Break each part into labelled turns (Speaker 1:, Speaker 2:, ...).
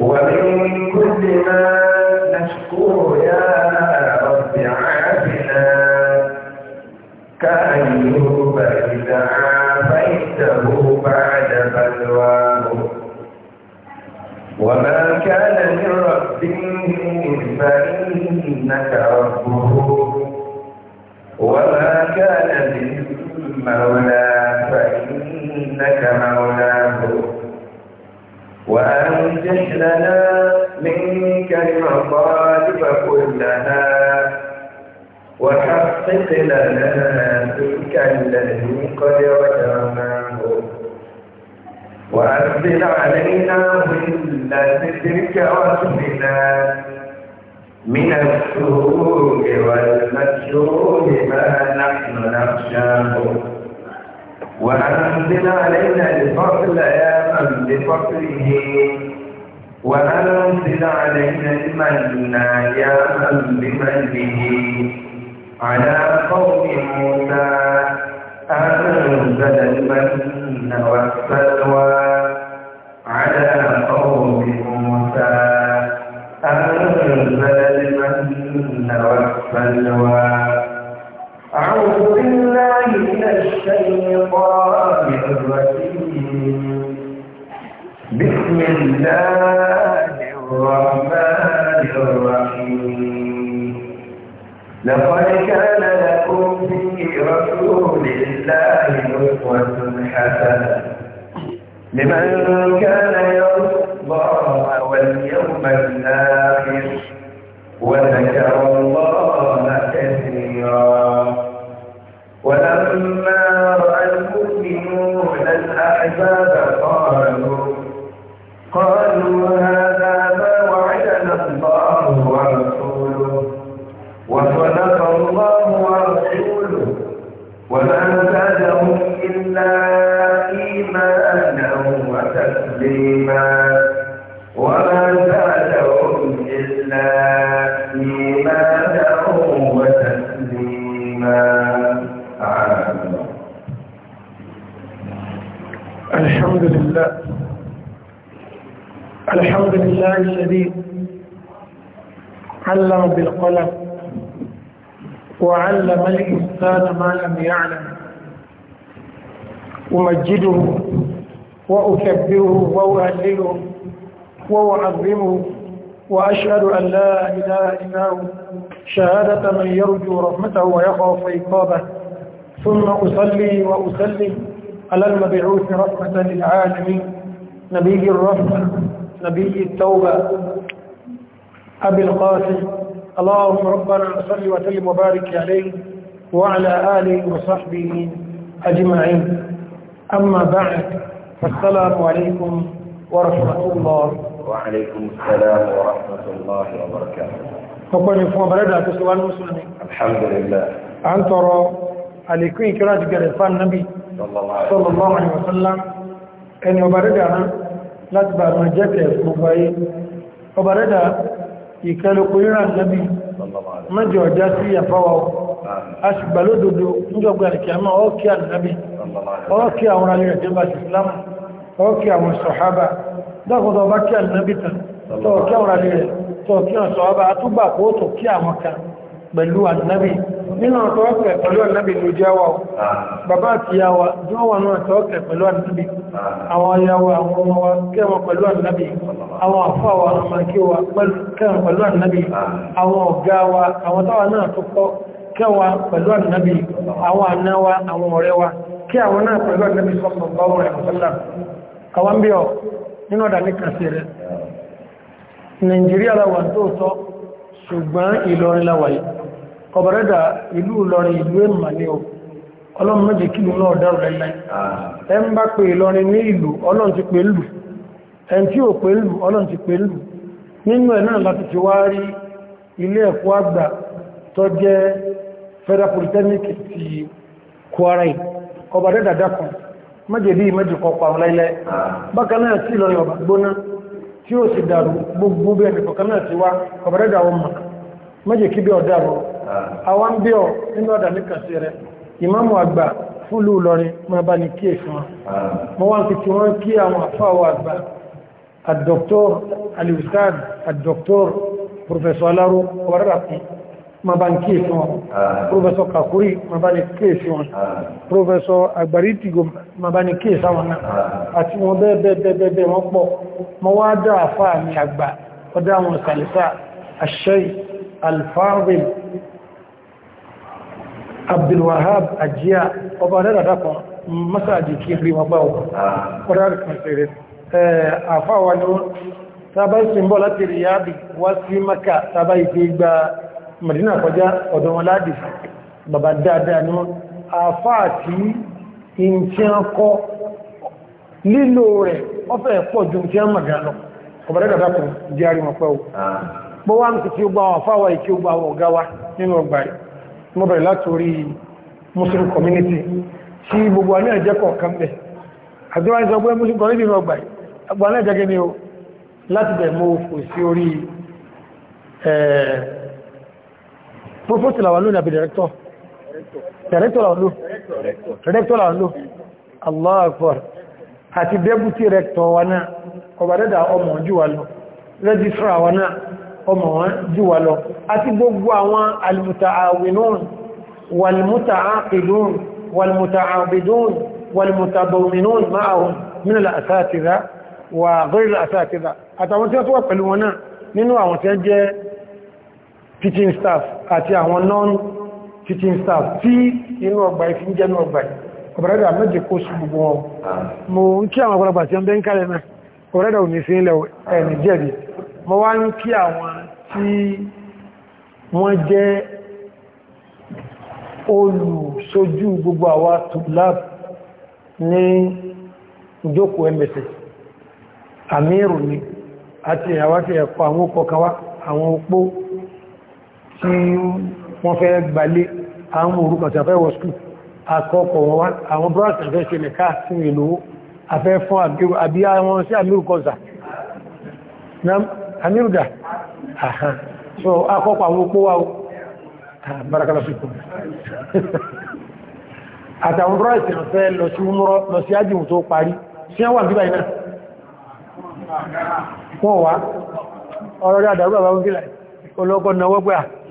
Speaker 1: ومن كل ما نشكوه يا رب عافنا كأيوب إذا عافيته بعد بلواه وما كان لربه فإنك تحقق لنا فيك الذي قد وأنزل علينا ظل سترك وجهنا من السوء والمكروه ما نحن نخشاه وأنزل علينا الفضل يا من بفضله وأنزل علينا المنى يا من بمنه على قوم موسى أنزل المن والسلوى على قوم موسى أنزل المن والسلوى أعوذ بالله من الشيطان الرجيم بسم الله الرحمن الرحيم لقد كان لكم في رسول الله أسوة حسنة لمن كان يرضى واليوم
Speaker 2: أمجده وأكبره وأهلله وأعظمه وأشهد أن لا إله إلا هو شهادة من يرجو رحمته ويخاف عقابه ثم أصلي وأسلم على المبعوث رحمة للعالمين نبي الرحمة نبي التوبة أبي القاسم اللهم ربنا صل وسلم وبارك عليه وعلى آله وصحبه أجمعين أما بعد فالسلام عليكم ورحمة الله وعليكم السلام ورحمة الله وبركاته فقال يفهم بلدها تسوى المسلمين الحمد لله أن ترى عليكم كراج قرفان النبي صلى الله عليه وسلم أن يبردها لا تبع مجاكة مبايل وبردها يكالوا قيرا النبي مجوى جاسية فوق a sì gbà lódodo níjọba àdìkìyàmá ọ́kí àdìnábì ọ́kí àwọn alẹ́ ìjọba ìsìlámù ọ́kí àwọn sọ̀hábà dákọ̀tọ̀ ọba kí àdìnábì tàn tọ́ọ̀kí àwọn alẹ́ rẹ̀ tọ́ọ̀kí àwọn sọ̀hábà àtúgbà kóòtò kí àwọn kan pẹ̀lú àdìnábì nínú àtọ́ọ̀kẹ̀ pẹ̀lú àdìnábì ló jẹ́ wà bàbá àti yàwà jọ́ wà náà tọ́ọ̀kẹ̀ pẹ̀lú àdìnábì àwọn ayàwà àwọn ọmọ wa kẹwọn pẹ̀lú àdìnábì àwọn àfáwà àmàkíwà kẹwọn pẹ̀lú àdìnábì àwọn ọ̀gá wa àwọn táwà náà tó kọ́ kẹwa pẹ̀lú ànábì àwọn ànáwà àwọn ọ̀rẹ́ wa kí àwọn náà pẹ̀lú ànábì sallallahu alaihi wasallam àwọn bí ọ nínú ọ̀dà ní kàṣẹ rẹ̀ Nàìjíríà láwà tó sọ ṣùgbọ́n Ìlọrin láwà yìí kọbàrẹ́dà ìlú Ìlọrin ìlú èmà ní o ọlọ́run méjì kílù náà dárò lẹ́lẹ́ ẹ ń bá pè Ìlọrin ní ìlú ọlọ́run ti pè lù ẹn tí ò pè lù ọlọ́run ti pè lù nínú ẹ̀ náà láti ti wá rí ilé ẹ̀kọ́ àgbà tó jẹ́ federal polytechnic ti Kwara ọba dẹ́dà dákan májèlé ìmẹ́jùkọ pàrún láìlẹ́ bákan náà sí lọ́yọ̀ ọba gbóná tí ó sì dàrú gbogbo bí ẹnì kọ̀kan náà ti wá ọba dẹ́dà wọn mọ̀ májèkí bí ọ̀dà rọ àwọn bí ọ nínú ọ̀dà ní kàṣẹ rẹ ìmáàmù àgbà fúlù lọrin máa ma bá ń kíyèsí wọn ah. professor kakuri ma bá ní kíyèsí wọn ah. professor agbaritigo ma bá ní kíyèsí wọn náà ah. àti wọn bẹ́ẹ̀bẹ́ẹ̀bẹ́ẹ̀ wọ́n pọ̀ mọ́ wá dá àfá àmì àgbà ọdá wọn sàlìsà àṣẹ́ì alfáàbìn abdulwahab ajiya ọba rẹ̀dàdà kan masáàjì kí rí wọn gbá ọ̀rọ̀ Madina kọjá ọ̀dọ̀ wọn láàdì bàbá dáadáa ní wọ́n àfáà tí in tí a kọ́ lílò rẹ̀ ọfẹ́ pọ̀ jù tí a màgá lọ ọ̀bẹ̀rẹ̀ dàdá kùn jẹ́ àríwọ̀ pẹ́ o bó ah. wá ń kì tí ó gbá wọn ìkí ó gbá wọn ọ̀gá wa nínú ọgbà rẹ̀ Muslim community tí gbogbo àní ẹ̀jẹ́ kọ̀ọ̀kan bẹ̀ Muslim community nínú ọgbà rẹ̀ àgbà náà jẹ́ gẹ́ni mo fò sí eh, Provost làwọn ló ní àbí director? Director làwọn ló? Director làwọn ló? Allah Akbar. Àti deputy rector wa náà, ọba dẹ́dà ọmọ jù wa lọ. Registrar wa náà, ọmọ wọn jù wa lọ. Àti gbogbo àwọn al-muta'awinun, wal-muta'aqidun, wal-muta'abidun, wal-mutadawminun ma'ahum min al-asatidha wà teaching staff àti àwọn non-teaching staff tí inú ọgbà ìfin jẹ́ inú ọgbà ọ̀bẹ̀rẹ̀dà méje kó sí gbogbo wọn mo ń kí àwọn ọ̀pọ̀lọpàá tí ó ń bẹ́ ń kálẹ̀ náà ọ̀bẹ̀rẹ̀dà òní sí ilẹ̀ ẹ̀nì jẹ́bi mo wá ń kí àwọn tí wọ́n jẹ́ olùsojú gbogbo àwa tùláp ní ìjókòó ẹ̀mẹ̀sẹ̀ àmì ìrùn ni àti àwọn tí ẹ̀kọ́ àwọn òpó kan wá àwọn òpó tí wọ́n fẹ́ gbalé àwọn orúkọ̀ tí a fẹ́ wọ skú akọ́kọ̀ wọn àwọn brọ́ọ̀tì àfẹ́ ṣe lè káàkiri ìlú afẹ́ fún àbí àwọn sí àmìrù kọ́nsà àmìrù dà so akọ́kọ̀ àwọn opó wa barakala sí kùn àtàwọn brọ́ọ̀tì àfẹ́ lọ sí múrọ́ lọ sí ájìmù tó parí sí wà bíbá iná wọ́n wá ọ̀rọ̀ rí àdàrú àbábọ́n fílà olóòkọ́ náwọ́gbẹ́ à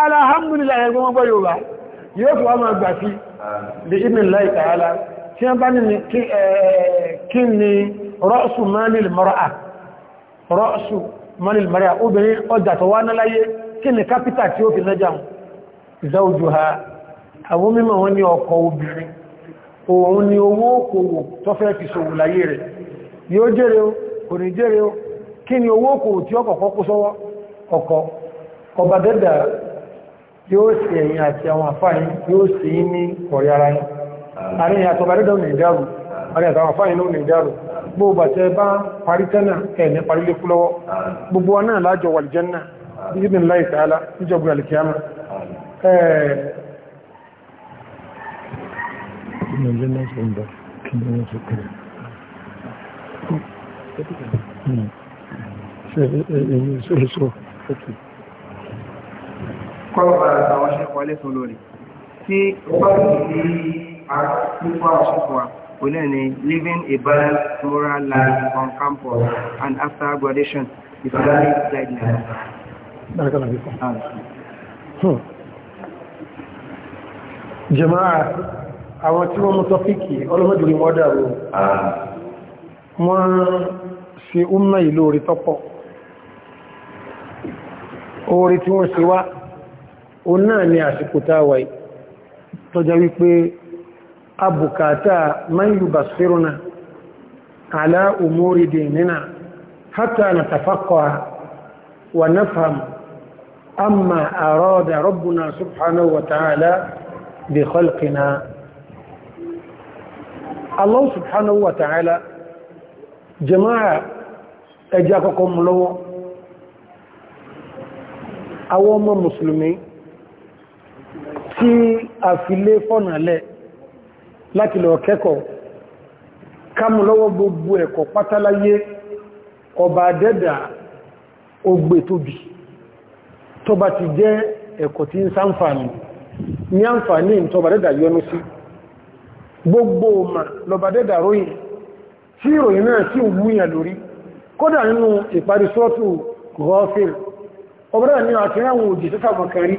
Speaker 2: alhamdulillah ẹgbẹ́ wọn gbọ́ yorùbá yóò fi wá máa sí
Speaker 1: bí ibn láì tààlá
Speaker 2: tí wọ́n bá ní kí ni rọ́ọ̀sù manil mara'a rọ́ọ̀sù manil mara obìnrin ọjà tó wá náláyé kí ni kápítà tí ó fi lẹ́jà àwọn mímọ̀ wọn ní ọkọ obìnrin ni fi yóò ṣe ẹ̀yìn àti àwọn àfáàyìn yóò ṣe yí ní kọ̀rí ara yìí àríyìn àtọ̀bà dídọ̀ ní ìdárò àríyìn àtàwọn àfáàyìn ló ní ìdárò gbogbo àtẹ́ bá parí tẹ́nà ẹ̀ẹ̀ni parí lékú lọ́wọ́ gbogbo wọn náà lájọ wà lìjẹ́nà ìdíbìn láì tààlà
Speaker 1: kọ́lọ̀ bá rẹ̀ àwọn ṣẹ́kọ̀ alẹ́sọ lórí tí ó bá living a balanced moral life on campus and after graduation Islamic guidelines.
Speaker 2: Hmm. Jama'a àwọn tí wọ́n mú tọ́píkì ọlọ́mọdìrí wọ́n dàrú ah. wọ́n ṣe ó mẹ́ ìlú orí tọ́pọ̀ orí tí wọ́n ṣe wá o náà ni àsìkò táwà tọ́já wípé abùkátà man yubasiruna ala umuri dinina hatta natafaqqa wa nafham amma arada rabbuna subhanahu wa ta'ala bi khalqina Allah subhanahu wa ta'ala jama'a ẹjá kọ́kọ́ mú lọ́wọ́ àwọn ọmọ mùsùlùmí tí a fi lé fọ́nà lẹ láti lọ kẹ́kọ̀ọ́ kámù lọ́wọ́ gbogbo ẹ̀kọ́ pátáláyé ọba dẹ́dà ogbe tóbi tó bá ti jẹ́ ẹ̀kọ́ tí ń sáǹfàní ní àǹfàní tọba dẹ́dà yọnú sí gbogbo ọmọ lọba dẹ́dà ròyìn tí ìròyìn náà tí òwúyàn lórí kódà nínú ìparí sọ́tù gọ́ọ̀fẹ́ ọbọ̀dá ní àtìráwọn òjì tẹ́sàmọ̀kan rí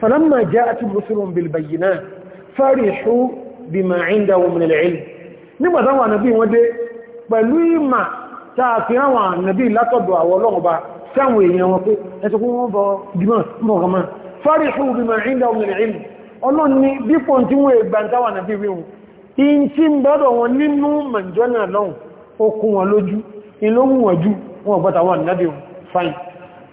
Speaker 2: فلما جاءت رسلهم بالبينات فرحوا بما عندهم من العلم نما ذا نبي ودي pẹ̀lú ìmà tààfihàn àwọn ànàbí látọ̀dọ̀ àwọn ọlọ́ọ̀bá sáwọn èèyàn wọn pé ẹ̀sùn fún wọn bọ̀ dìmọ̀ mọ̀kànmá fáríṣù bima indahum min al-ilm ọlọ́n ni dípò tí wọ́n ègbà táwọn ànàbí wíhun in tí ń bọ́dọ̀ wọn nínú mọ̀jọ́nà lọ́hùn okun wọn lójú inú wọn jù wọn gbọ́ta wọn ànàbí wọn fine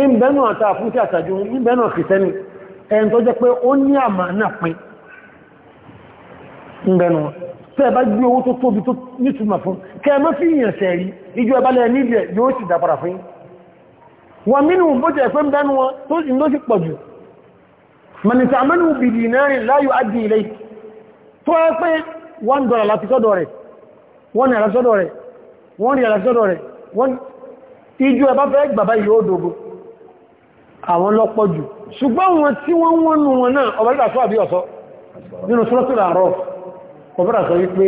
Speaker 2: ìbẹ̀nù àta àfúnkí àtàjú ìbẹ̀nù kìtẹ́ni ẹn tó jẹ́ pé ó ní àmà náà pín ìbẹ̀nù tẹ́ bá gbí owó tó tóbi tó ma fún kẹ́ẹ̀mọ́ fi yàn sẹ̀rí ìjọ ẹbálẹ̀ níbẹ̀ yóò sì dápàrà fún wà mínú bó jẹ́ fún. ìbẹ̀nù wọn tó sì ló sì pọ̀ jù ìjọ ẹbá fẹ́ gbàbá àwọn lọ́pọ̀ jù ṣùgbọ́n wọn tí wọ́n wọ́n nù wọn náà ọba ìgbà sọ́wà bí ọ̀sọ́ nínú sọ́lọ́tìlà rọ̀ ọbára sọ wípé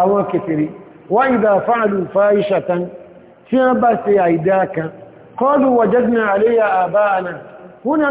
Speaker 2: àwọn kèfèrè wọ́n ìdá fáàlù fáìṣàtán tí wọ́n bá ṣe àìdá kan kọlù wàjẹ́dìnà àléyà àbá àná wọ́n náà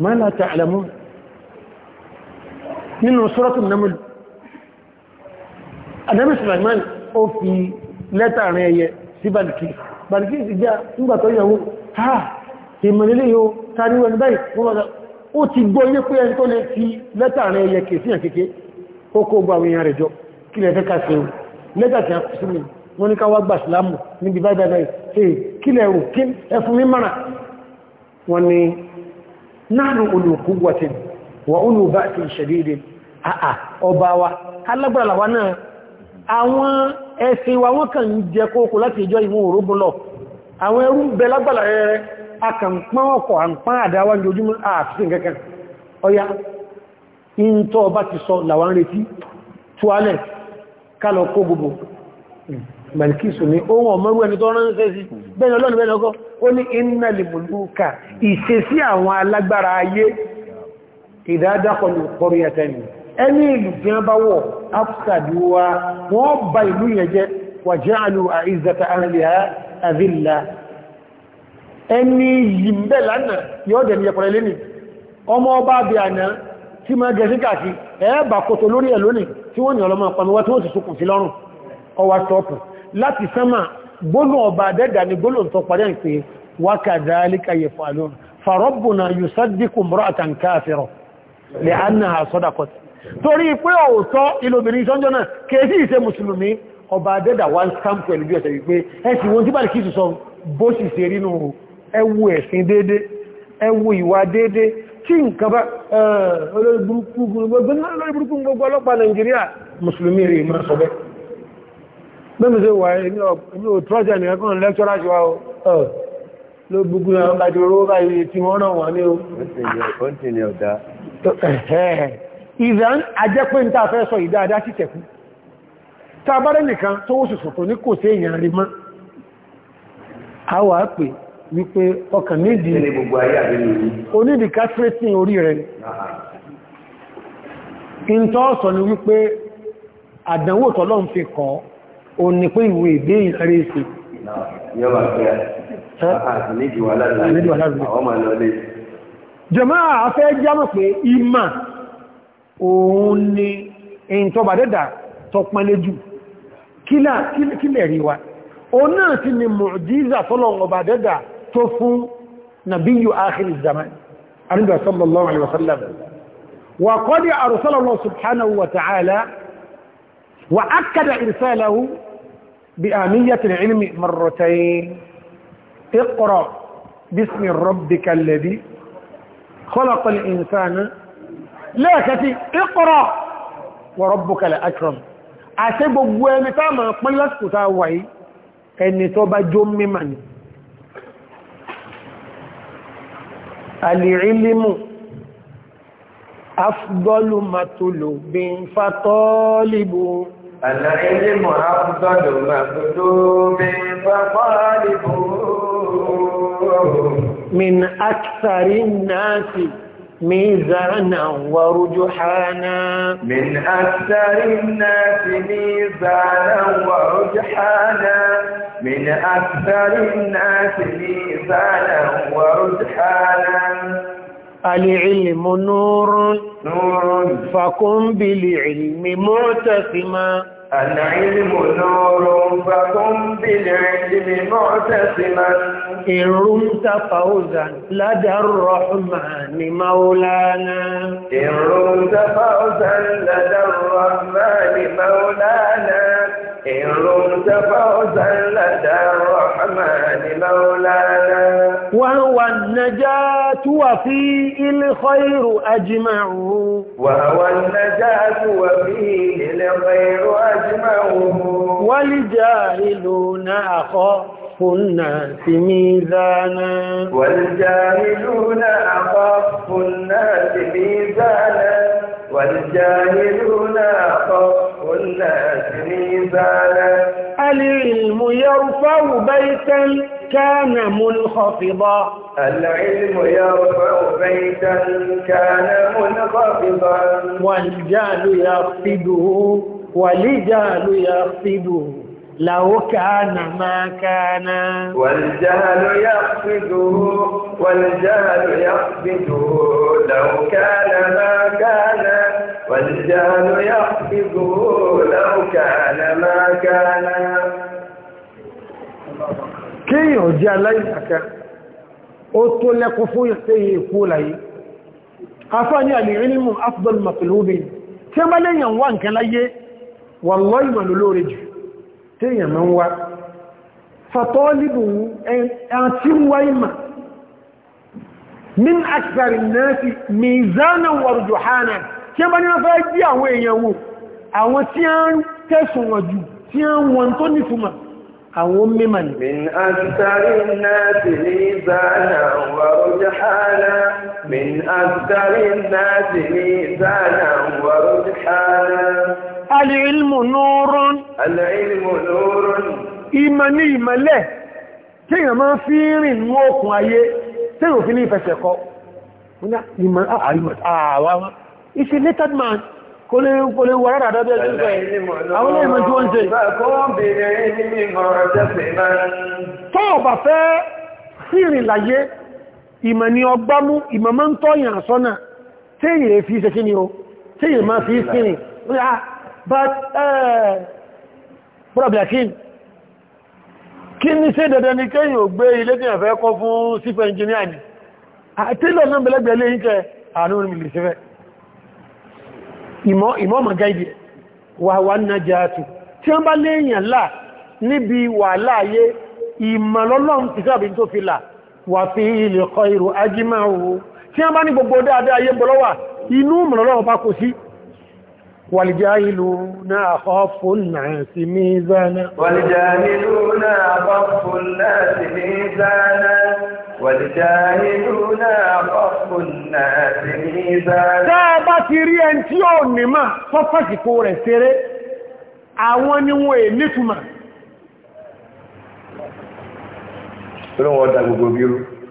Speaker 2: ma la ta'lamun nínú suratul naml Ànábì Sulaiman ó fi lẹ́tà rẹ̀ ẹyẹ sí bàdìkì bàdìkì sì já nígbàtọ̀ yẹ̀wó ha ìmọ̀lélé yóò tàríwẹ̀ báyìí ó ti gbọ́ yé pé ẹni tó lè fi lẹ́tà rẹ̀ ẹyẹ kè síyàn kéke ó kó gbà wíyàn rẹ̀ jọ kí lẹ fẹ́ ká ṣe lẹ́tà tí a kù sí mi wọ́n ní ká wá gbà sílámù níbi báyìí báyìí kí lẹ rò kí ẹfún mi mara wọ́n ní naanị olùkúgbọ̀tí wà olùbá ti ṣẹ̀dìdì àà ọba wa alágbàrà wa náà àwọn ẹ̀sìn awọn wọ́n kàn jẹ kókò láti ìjọ ìmú òrógúnlọ̀ àwọn ẹrú bẹ lágbàrà rẹ̀ akànpán ọkọ̀ àǹpán àdáwà lójúmọ́ ààfin kẹ́kẹ́ ọya ìntọ́ ọba ti sọ làwọn retí tuwalẹ̀ kálọ̀ kó gbogbo mẹ́lìkísù ní ohun ọmọrú ẹni tó rán bẹ́ẹ̀ ọlọ́run bẹ́ẹ̀ lọ́gọ́ ó ní iná lèmùlúkà ìṣesí àwọn alágbára ayé ìdádàkọlù kọrí ẹ̀tẹ́ni ẹni ìlú tí wọ́n bá wọ̀ afsàdúwà wọ́n bá ìlú yẹn jẹ́ wà jẹ́ àlú àìzàtà àrìnlẹ̀ àvìlà láti sánmà gbónú ọba dẹ́dà ni gbónú tó parẹ́ ń pé wa kadhalika yaf'alun farabbuna yusaddiqu imra'atan kafira li'annaha sadaqat torí pé òótọ́ ilobìnrin sọ́njọ́ náà kéèsì ìṣẹ́ mùsùlùmí ọba dẹ́dà wá ń sáàmù pẹ̀lú bí ọ̀sẹ̀ wípé ẹ̀sì wọn tí bá lè kí sọ bó sì ṣe rínú ẹwu ẹ̀sìn mẹ́mí sí wà ní òtúrọ́jà ní ẹkùn lẹ́kṣọ́rá ṣe wá o ló gbogbo àwọn bàjọ oró báyìí tí wọ́n náà wà ní o ìdán ajẹ́pẹ́ ní tàfẹ́ sọ ìdáadá sí tẹ̀kú tàbárẹ́ nìkan tó wó sùsùkù ní kò sí èèyàn rí mọ́ a wà á pè wípé ọkàn nídìí onídìí kásírẹ́tì orí rẹ̀ ìntọ́ ọ̀sọ̀ ni wípé àdánwò tọ́lọ́ ń fi kọ́ ò ní pé ìwé ìgbé ìsáré sí jàmáà afẹ́ jámọ̀ pé ìmà òun ni èyí tó bà dẹ́dà tọpẹ́lẹ́ jù kílẹ̀ rí wa o náà ti ni mọ̀jíza tọ́lọ̀wọ̀ bà dẹ́dà tó fún nàbíyù ákìrì zamani arìnbà sallallahu alaihi wasallam wa qad arsalallahu subhanahu wa ta'ala وأكد إرساله بآمية العلم مرتين اقرأ باسم ربك الذي خلق الإنسان لا كفي اقرأ وربك لأكرم أسبب ومتا ما قلت كتاوي أني توب جم من العلم أفضل مطلوب فطالبه العلم أفضل مكتوب
Speaker 1: فطالبوه من أكثر الناس ميزانا ورجحانا من أكثر الناس ميزانا ورجحانا من أكثر الناس ميزانا ورجحانا
Speaker 2: العلم نور نور فقم بالعلم
Speaker 1: معتصما العلم نور فقم بالعلم معتصما إن رمت فوزا لدى الرحمن مولانا
Speaker 2: إن رمت فوزا لدى
Speaker 1: الرحمن مولانا إن فوزا لدى الرحمن مولانا
Speaker 2: وهو النجاة وفيه الخير أجمع
Speaker 1: وهو النجاة وفيه الخير أجمع
Speaker 2: ولجاهلون أخاه أخف الناس ميزانا
Speaker 1: والجاهلون أخف الناس ميزانا والجاهلون أخف الناس ميزانا
Speaker 2: العلم يرفع بيتا كان
Speaker 1: منخفضا العلم يرفع بيتا كان منخفضا والجال يخفضه والجال
Speaker 2: يخفضه لو كان ما كان والجهل يقصده
Speaker 1: والجهل يقصده لو كان ما كان والجهل يقصده لو كان ما كان
Speaker 2: كي يرجع ليك اوتو لكفو يقتيه يقولي افاني علم افضل مطلوب كما لن ينوان كلاي والله ما نلو رجل téèyàn máa ń wá fàtọ́lìbù ẹ̀yàn tí ń wá ìmà min akthar an-nas mizanan wa rujuhana tí wọ́n bá ní wọ́n fẹ́ jí àwọn èèyàn wò àwọn tí a ń tẹ́sùn wọ̀n tí a ń wọ́n tó nítumọ̀ àwọn mímọ̀ ní min akthar an-nas mizanan
Speaker 1: wa alìílmù núurún alìílmù núurún
Speaker 2: ìmọ̀ ní ìmọ̀lẹ̀ tí èyàn máa fi rìn ní òkun ayé tí èyàn fi ní ìfẹsẹ̀ kọ ìṣẹ́ ah, ah, ah, lettered man kò lè kò lè wọ́n rádà bí ẹgbẹ́ ẹgbẹ́ àwọn ilé-ìmọ̀ tí wọ́n jẹ́ tó bá ìmọ̀ ni ọgbámú ìmọ̀ máa ń tọ́yìn àsọ́nà tí èyàn fi ṣe kí ni o tí èyàn máa fi sírìn but
Speaker 1: eh,
Speaker 2: brother Akin kí ní ṣe dandan ní kéyìn ò gbé ilé tí ẹ̀fẹ́ fún engineer ni àtílọ̀ náà bẹ̀lẹ́gbẹ̀ lè yíkẹ́ àánú orin ilé sífẹ́ ìmọ́ wà wà ń atụ. jáàtù tí wọ́n bá léèyàn là níbi wà láàyé ìmọ̀lọ́lọ́run ti wà fi gbogbo ayé inú si. والجاهلون أخف الناس ميزانا والجاهلون أخف
Speaker 1: الناس ميزانا والجاهلون أخف الناس ميزانا
Speaker 2: Tẹ́ẹ̀bá ti rí ẹn tí ó nìmá fọ́fẹ́sìkò rẹ̀ ṣeré, àwọn ni wọ́n è nítumà.
Speaker 1: Olóhun ọdá gbogbo bí ó.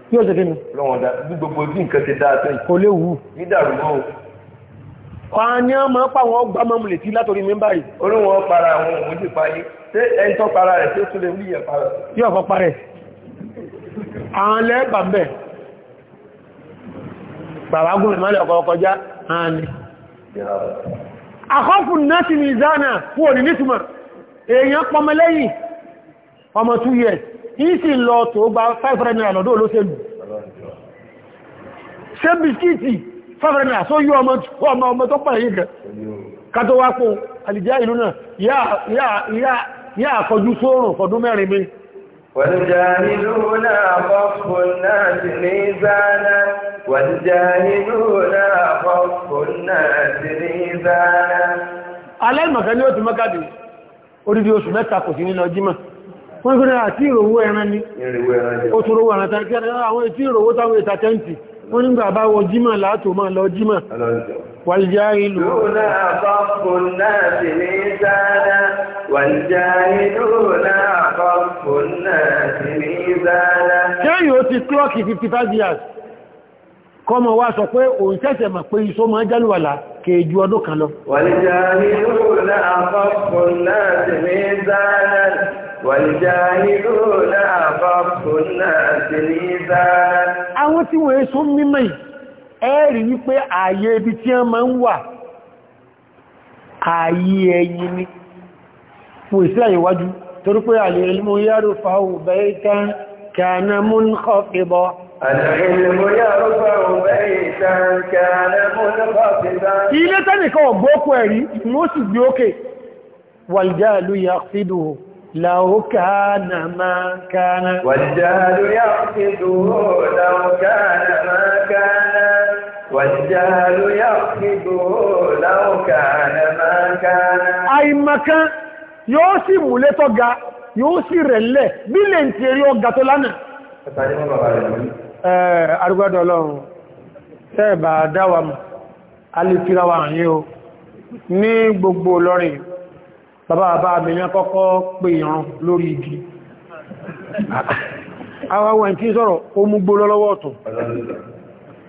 Speaker 1: Tí ó ṣe kí ni? Olóhun ọdá gbogbo bí nǹkan ti dáa tó yìí. Kò léwu. Ní dàrú mọ́
Speaker 2: ọ̀hán ni a máa pàwọn ọgbà mọ́mù lè tí látorí mẹ́mbà yìí oríwọ̀n para àwọn òun
Speaker 1: jù fáyé tí ẹni tó para rẹ̀ tí ó tún lè rí ẹ̀ para
Speaker 2: tí ọ̀fọ́ parẹ̀ àwọn lẹ́gbà mẹ́ bàbá gùn ìmọ́lẹ̀ ọkọ̀ ọkọjá ààni àkọ́fùn náà ti ní ìzánà fún òní nítumọ̀ èèyàn pọmọ lẹ́yìn ọmọ 2 years yìí sì lọ tó gba 500 naira lọ́dọ̀ olóṣèlú ṣe bisikíìtì fáfẹ́ náà só yí ọmọ ọmọ tó pàdé yìí ká tó wá kó àlìjá ìlú náà yá àkọjú sóòrùn fọdún mẹ́rin mi
Speaker 1: والجاهلون أخف الناس ميزانا والجاهلون أخف الناس ميزانا
Speaker 2: alẹ́ màkà ní ó ti mọ́kàdì orílẹ̀ oṣù mẹ́ta kò wọ́n gúnrẹ̀ àti ẹran àwọn ètí ìròwó táwọn ètà wọ́n nígbà bá wọ jímọ̀ látò máa lọ jímọ̀
Speaker 1: wàlìjáìlú kẹ́yìn
Speaker 2: ó ti klọ́kì 55 years kọmọ wá sọ pé òun tẹ́sẹ̀ mọ̀ pé iṣó máa jálùwàlá kèèjú ọdún kan lọ wàlìjáìlú náà kọ́kùn náà ti ní dáadáa
Speaker 1: wàlìjáhìrúnà àbáfúnà tìlíza.
Speaker 2: Àwọn tí wọ́n èso mímọ̀ ẹ̀rí wípé ààyè ibi tí wọ́n máa ń wà, ààyè ẹ̀yìn ni, fún ìsí àyíwájú, torí pé ààyè ilmú yàrù fàáhù bẹ́ẹ̀ta kàánà mún
Speaker 1: kọ́kìbọ. Ilé
Speaker 2: tẹ́nìkan ọ̀gbókù ẹ̀rí, ìmú ó sì gbé ókè, wàlìjáhìrú yà لو كان ما كان والجهل يقصده لو كان ما كان
Speaker 1: والجهل يقصده لو كان ما كان
Speaker 2: أي مكان yóò sì múlé tó ga yóò sì rẹ̀lẹ̀ bí lè ń tẹ̀rí ọgá tó lánàá àrùgbọ́dọ̀ ọlọ́run tẹ́ẹ̀bà dáwà alìfírawà àyíò ní gbogbo lọ́rin bàbá bàbá mi ní kọ́kọ́ pè ìran lórí igi awáwọ̀ ẹ̀ tí ń sọ̀rọ̀ ó mú gbó lọ́wọ́ ọ̀tún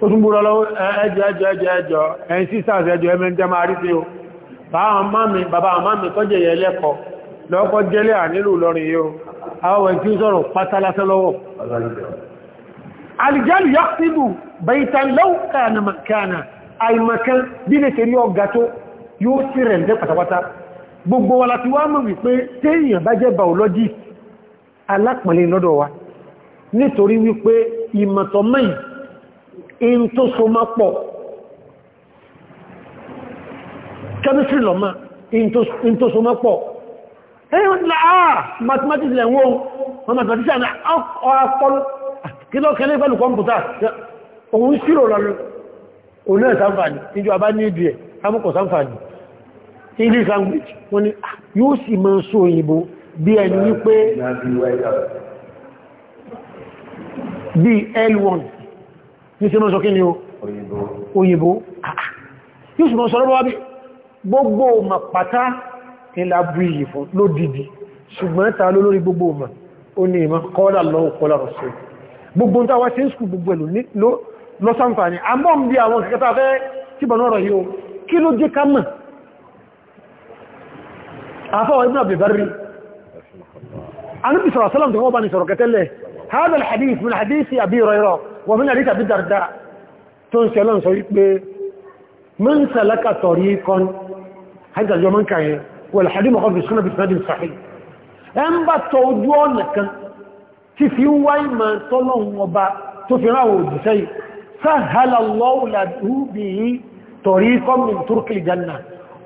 Speaker 2: ó tún gbó lọ́wọ́ ẹjọ́ ẹjọ́ ẹjọ́ ẹjọ́ ẹ̀yìn sisters ẹjọ́ ẹmẹ́ jẹ́ máa rí pé o bàbá àmá mi tọ́jẹ̀ yẹ lẹ́kọ̀ọ́ lọ́kọ́ jẹ́lẹ́ ànílò lọ́rin yóò awáwọ̀ ẹ̀ tí ń sọ̀rọ̀ pátálásẹ́ lọ́wọ́ alìjálù yàtìbù bẹ̀yìtàn lọ́wọ́ kàánà àìmọ̀kan bí lè tẹ̀rí ọgá tó yóò sí rẹ̀ ń jẹ́ pátápátá gbogbo wa láti wá mọ̀ wípé téèyàn bá jẹ́ biology alápọ̀lẹ̀ lọ́dọ̀ wa nítorí wípé ìmọ̀tọ̀mọ́yìn in tó so má pọ̀ chemistry lọ́mà in tó so má pọ̀ ah, ẹ̀yìn wọ́n wọ́n ah, mathematics ní ọpọlọ kílọ́kẹ́lẹ́ pẹ̀lú kọmpútà òun English language wọ́n ni ah, yóò sì máa sọ òyìnbó bí ẹni wípé bí L1 ní sí máa sọ kí ni o òyìnbó ah, ah. yóò sì máa sọ lọ́wọ́ bí gbogbo ọmọ pátá ìlàbù yìí fún lódìdí ṣùgbọ́n ta ló lórí gbogbo ọmọ o ní ìmọ̀ kọ́lá lọ́wọ́ kọ́lá rọ̀sọ́ gbogbo ń tàwà sí skù gbogbo ẹ̀lú lọ́sànfà ni a mọ́ bí àwọn kẹta fẹ́ tíbọ̀nà ọ̀rọ̀ yìí o kí ló afọ́wọ́ ibn abdulbari anubi sọ̀rọ̀ sọ́lọ́m tó wọ́n bá ní sọ̀rọ̀ kẹtẹ́lẹ̀ هذا الحديث من حديث أبي هريرة ومن حديث أبي الدرداء tó ń sẹ́lọ́n sọ من سلك طريقا هذا اليوم من والحديث مخالف السنة بإسناد صحيح ẹn bá tọ́jú ọ̀nà kan tí fi ń wá ìmọ̀ tọ́lọ́hun ọba tó fi ráwọ̀ òjìṣẹ́ yìí سهل من طرق الجنة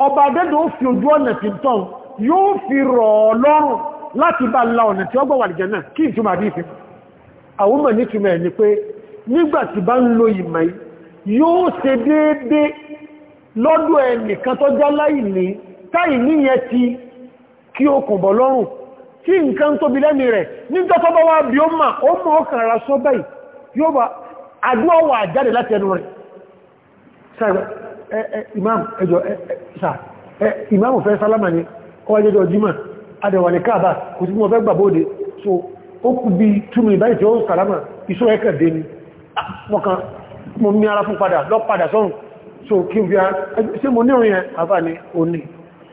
Speaker 2: ọba dẹ́dọ̀ ó fi ojú ọ̀nà tí tọ́n yóò fi rọ̀ lọ́rùn láti bá la ọ̀nà tí ó gbọ́ wàlìjẹ̀ náà kí ìtumà bí ìfẹ́ àwọn mọ̀ nítumẹ̀ ni pé nígbàtí bá ń lo ìmọ̀ yóò ṣe déédé lọ́dọ̀ ẹnìkan tó já láìní táì níyẹ ti kí o kùnbọ̀ lọ́rùn tí nǹkan imam ẹjọ sáà imam fẹ́ sálámà ni kọwàjẹjọ jímọ̀ adẹ̀wà ní káàbà kò sí mọ́ fẹ́ gbàbóde so ó kù bí túnmù ìbáyìí tí ó ń sàlámà iṣó ẹ́kẹ̀dẹ̀ ni mọ́kan ah, mo mí ara fún padà lọ padà sọ́run so kí n fi ara ṣe mo ní òyìn àfà ní òní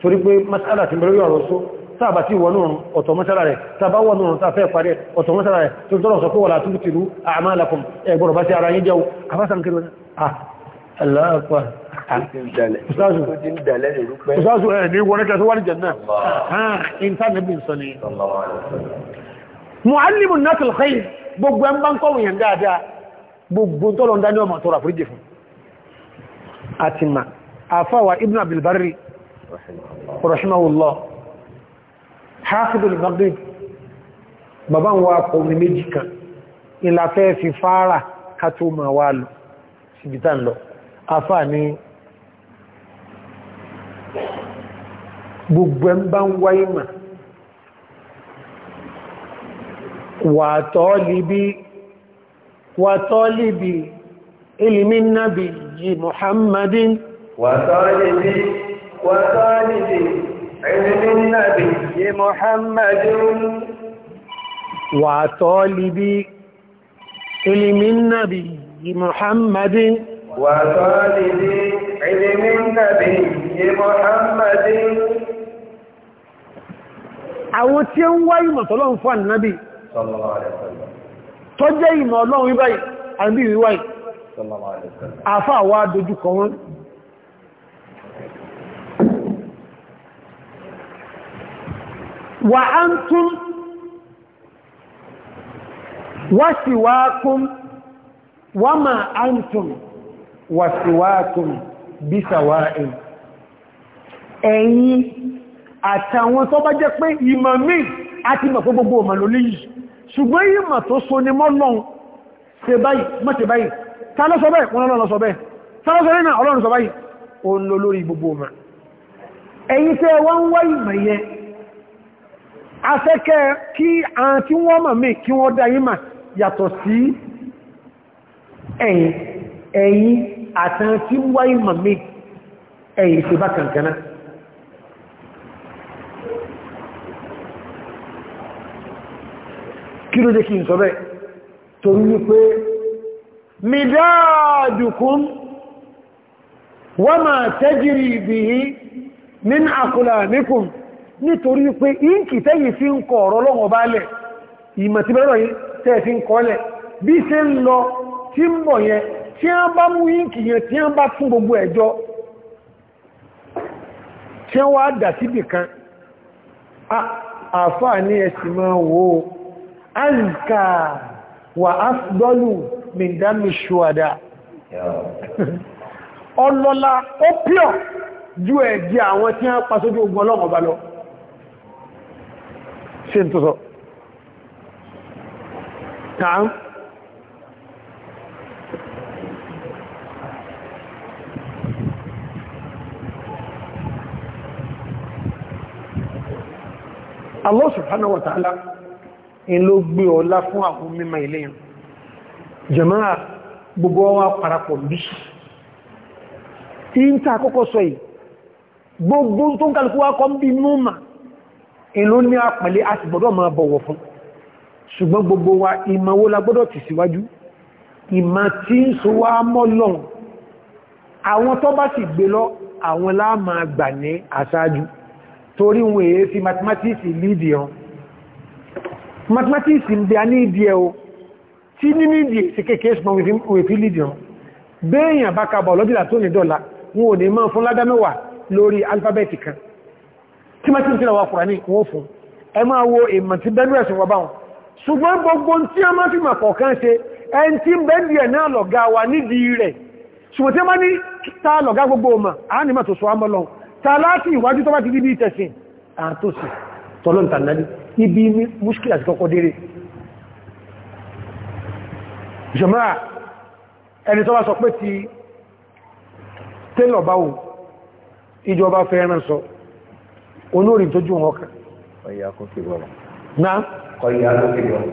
Speaker 2: torí pé masala ti mẹ́rẹ́ ọ̀rọ̀ só sáàbà tí wọ́n náà ọ̀tọ̀ mọ́sára rẹ̀ tàbá wọ́n náà tàà fẹ́ parí ọ̀tọ̀ mọ́sára rẹ̀ tó tọ́rọ̀ sọ pé wà látúrú tìrú àmàlàkùn ẹgbọ̀rọ̀ bá sí ara yín jẹun àfásànkiri ah aláàpàá
Speaker 1: ìsáàsù
Speaker 2: ẹ̀ ní wọ́n rẹ̀kẹ́ síwárí jẹ̀ náà ìntánẹ́bì sọ ni mọ̀álìmù náàtìl khair gbogbo ẹmbá ń kọ́wọ̀ yẹn dáadáa gbogbo tọ́lọ dání ọmọ tọ́rọ àforíjì fún àti ma àfáwà ibn abilbari rahimahullah hafidul maghrib bàbá ń wá kọ́ ní méjì kan ìlàfẹ́ fi fara kátó ma gbogbo ẹ̀ ń bá ń wáyé mà wàtọ́ líbi ilmi nábi yí muhammadin wàtọ́ líbi wàtọ́ líbi ilmi nábi yí
Speaker 1: muhammadin
Speaker 2: wàtọ́ líbi ilmi nábi yí muhammadin
Speaker 1: wàtọ́ líbi ilmi nábi
Speaker 2: àwọn tí ó ń wá ìmọ̀ tọ́lọ́run fún ànábì tó jẹ́ ìmọ̀ ọlọ́run rí báyìí àbí àfá àwọ́ adójúkọ wọn wà á ń tún wá sí wá kún wá máa á ń tún wà sí kún bí ẹ̀yin àtàwọn tó bá jẹ́ pé ìmọ̀ míì àti ìmọ̀ fún gbogbo ọmọ lórí yìí ṣùgbọ́n ìmọ̀ tó so ni mọ́ lọ́n ṣe báyìí mọ́ ṣe báyìí ta ló sọ bẹ́ẹ̀ wọn lọ́nà sọ bẹ́ẹ̀ ta ló sọ nínú ọlọ́run sọ báyìí o ń lọ lórí gbogbo mọ̀ mí kí wọ́n dá kí ló jẹ́ kí n sọ bẹ́ẹ̀ torí wípé midaadukum wa ma tajri bihi min aqlamikum nítorí pé ìǹkì tẹ́yìn fi ń kọ ọ̀rọ̀ lọ́wọ́ bá lẹ̀ ìmọ̀ tí bẹ́rọ̀ yìí tẹ́ fi ń ah, àfáà ní ẹ̀sìn máa wòó azka wa afdalu min dami shuhada ọlọ́lá ó píọ̀ ju ẹ̀jẹ̀ àwọn tí a pàṣójú ogun ọlọ́run ọba lọ ṣe n tó sọ tàán Allah subhanahu wa ta'ala in ló gbé ọlá fún àwọn mímọ̀ ilé yàn jẹ̀mọ́ra gbogbo wa parapọ̀ bí tí ń ta àkọ́kọ́ sọ yìí gbogbo tó ń kàlùkú wákọ́ bí númà in ní àpẹẹlẹ́ a sì gbọ́dọ̀ máa bọ̀wọ̀ fún ṣùgbọ́n gbogbo wa ìmọ̀wó la gbọ́dọ̀ tì síwájú ìmọ̀ tí ń so wá mọ́ lọ́n àwọn tó bá sì gbé lọ àwọn láàmà gbà ní àṣáájú torí mathematics ń bẹ a ní ìdí ẹ o tí nínú ìdí èsì kéèkéé ṣùgbọ́n wèfí lìdìí béèyàn bá ka bọ̀ọ̀lọ́dìlà tó ní dọ́là wọn ò ní máa fún ládá mẹ́wàá lórí alifábẹ́ẹ̀tì kan tí má tí ń tíra wà fúra ní wọ́n fún ẹ máa wo èèmọ̀ tí bẹ́ẹ̀rù ẹ̀sùn wà báwọn ṣùgbọ́n náà wa nídìí rẹ̀ ṣùgbọ́n tí a máa níbi múṣkílà ti kọ́kọ́ dére jọmọ́ra ẹni tó bá sọ pé ti tẹ́lọ̀ báwò ìjọba fẹ́ẹ̀rán sọ onórin tó jù wọn kan
Speaker 1: ọ̀yà kó kí wọ́n náà ọ̀yà kó kí wọ́n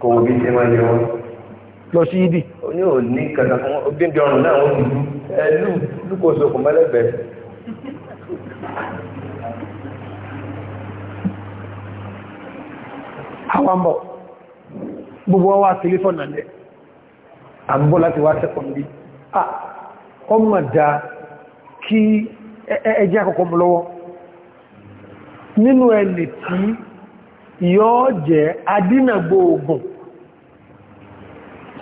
Speaker 1: kò wọ́n bí ṣe máa yẹ wọn lọ sí ìdí oní òní kàtàkùn obìnrin ọ̀rùn náà wọ́n ti ẹlú lúkọ̀ọ́sọ̀kùn mẹ́lẹ́bẹ̀ẹ́
Speaker 2: àwọ̀mbọ̀ gbogbo wa tẹlifọ́nà lẹ́ àgbọ́ láti wá sẹ́kọ̀n bí à ọmọ dá kí ẹjẹ́ àkọ́kọ́ mọ́ lọ́wọ́ nínú ẹni tí yóò jẹ́ adínàgbò ogun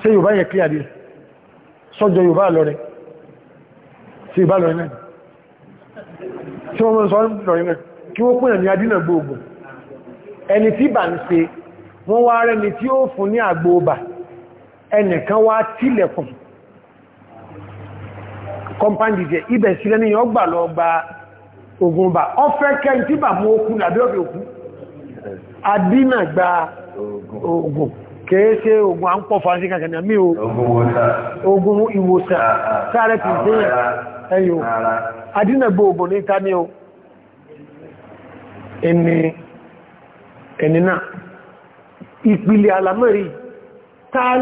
Speaker 2: ṣe Yorùbá yẹ kí àdí sọ́jọ Yorùbá lọ́rẹ̀ sí Yorùbá lọ́rẹ̀ náà tí wọ́n mọ́ sọ lọ́rẹ̀ kí wọ́n pè ní adínàgbò ẹni tí bà ń wọn wọ́n wá tí ó fún ní àgbóòbà ẹnìkan wá tílẹ̀kùn kọmpáǹdì jẹ ibẹ̀ sílẹ̀ ní ọgbà lọ gba ogun bà ọ fẹ́ tí bà mú okú làbí ọ̀fẹ́ okú adínà gba ogun kìí ṣe ogun à ń pọ̀ fásí ah, ah. ẹni ẹni náà ìpìlẹ̀ alamẹ́rí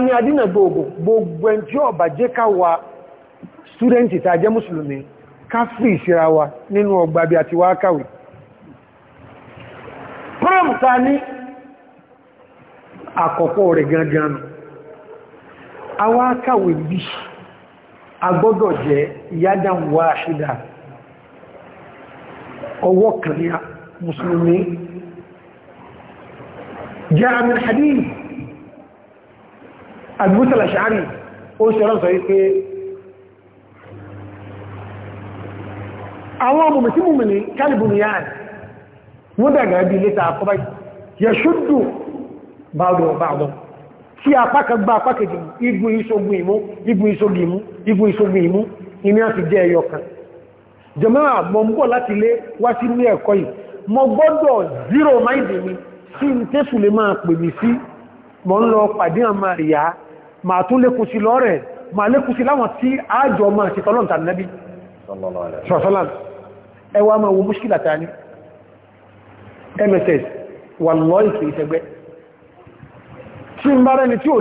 Speaker 2: ni adínà gbogbo gbogbo ẹn tí ọba jẹ́ ká wa ṣúdẹ́ntì ta jẹ́ mùsùlùmí ká fi wa nínú ọgbà bí àti wá kàwé prom ta ní àkọ́kọ́ rẹ̀ gangan awá kàwé bí agbọ́dọ̀ jẹ́ ọwọ́ جاء من حديث الموسى الأشعري o صحيح àwọn ọmọ tí mú mi ní kálìbù ní yáà wọ́n dàgbà bí ilé tàà kọ́ báyìí yẹ ṣúdù báwọn báwọn tí apá igun isogun ìmú igun isogun ìmú igun isogun ìmú iní àti jẹ́ ẹyọ tí n tẹ́sù lè máa pè mí sí mọ́ ń lọ pàdé àmà ìyá ma tún lékún sí lọ́rẹ̀ ma lékún sí láwọn tí àjọ máa ṣe tọ́lọ́n tàbí nẹ́bí sọ̀sọ́lán ẹwà máa wo múṣkìlà ta ní mss wà lọ́yìn kìí sẹgbẹ́ tí n bá rẹni tí ò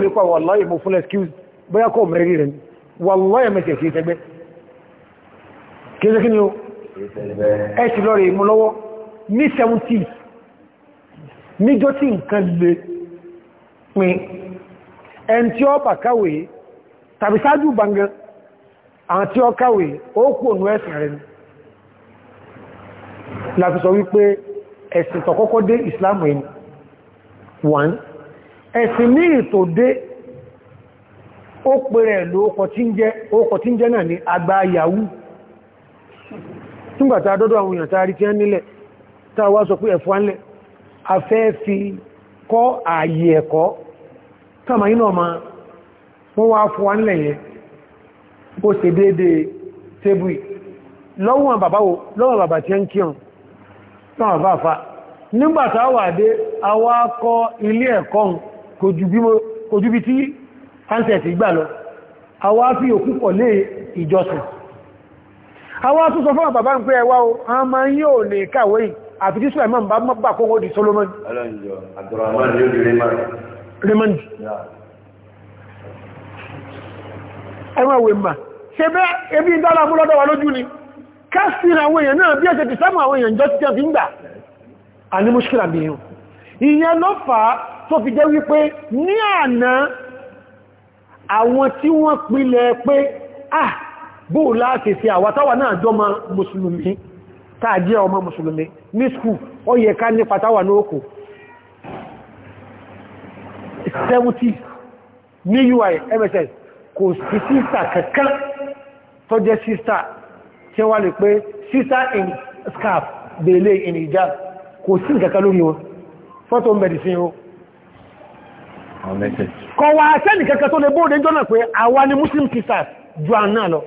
Speaker 2: ní 70 níjọ́ tí nǹkan lè pin ẹn tí ó bà káwé tàbí sáájú bangan àwọn tí ó káwé ó kú ònú ẹ̀sìn rẹ̀ láti sọ wípé ẹ̀sìn tọ̀kọ́kọ́ dé ìsìláàmù ẹni 1 ẹ̀sìn ní ìtò dé ó pèrè ló ọkọ̀ tí ń jẹ́ náà ní àgbà túnbàtà dọ́dọ̀ àwọn èèyàn tàà tí wọ́n nílẹ̀ tàà sọ pé ẹ̀fọ́ ánlẹ̀ a fẹ́ fi kọ́ ààyè ẹ̀kọ́ tọ́mà yínà ma wọ́n wá fún wa nílẹ̀ yẹn ó ṣe déédé tébù lọ́wọ́n bàbá wo lọ́wọ́n bàbá tí ń kíọ̀n tọ́wọ́n fa nígbàtà wà dé awá kọ́ ilé ẹ̀kọ́ kò bí tí o a àfi tí Suleiman bá mọ́ gbà kó wọ́n di Solomon Raymond ẹwọ́n ìwé mà ṣe bẹ́ ebí ń dára mú lọ́dọ̀ wà lójú ni kásìn àwọn èèyàn náà bí ẹ̀sẹ̀ ti sáàmù àwọn èèyàn jọ títẹ́ fi ń gbà a ní múṣkìlà bí yàn ìyẹn ló fà á tó fi jẹ́ wípé ní àná àwọn tí wọ́n pilẹ̀ pé ah bóò láti fi àwátáwà náà táà jẹ́ ọmọ mùsùlùmí ní skul ó yẹ ká ní pàtàwà ní òkú 70 ní ui mss kò sí sísta kankan tó jẹ́ sísta tí wá lè pé sísta in scarf belé in hijab kò sí kankan lórí wọn photo medicine o kọ̀wà àtẹ́nì kankan tó lè bóòdé jọ́nà pé àwa ni muslim sisters ju àná lọ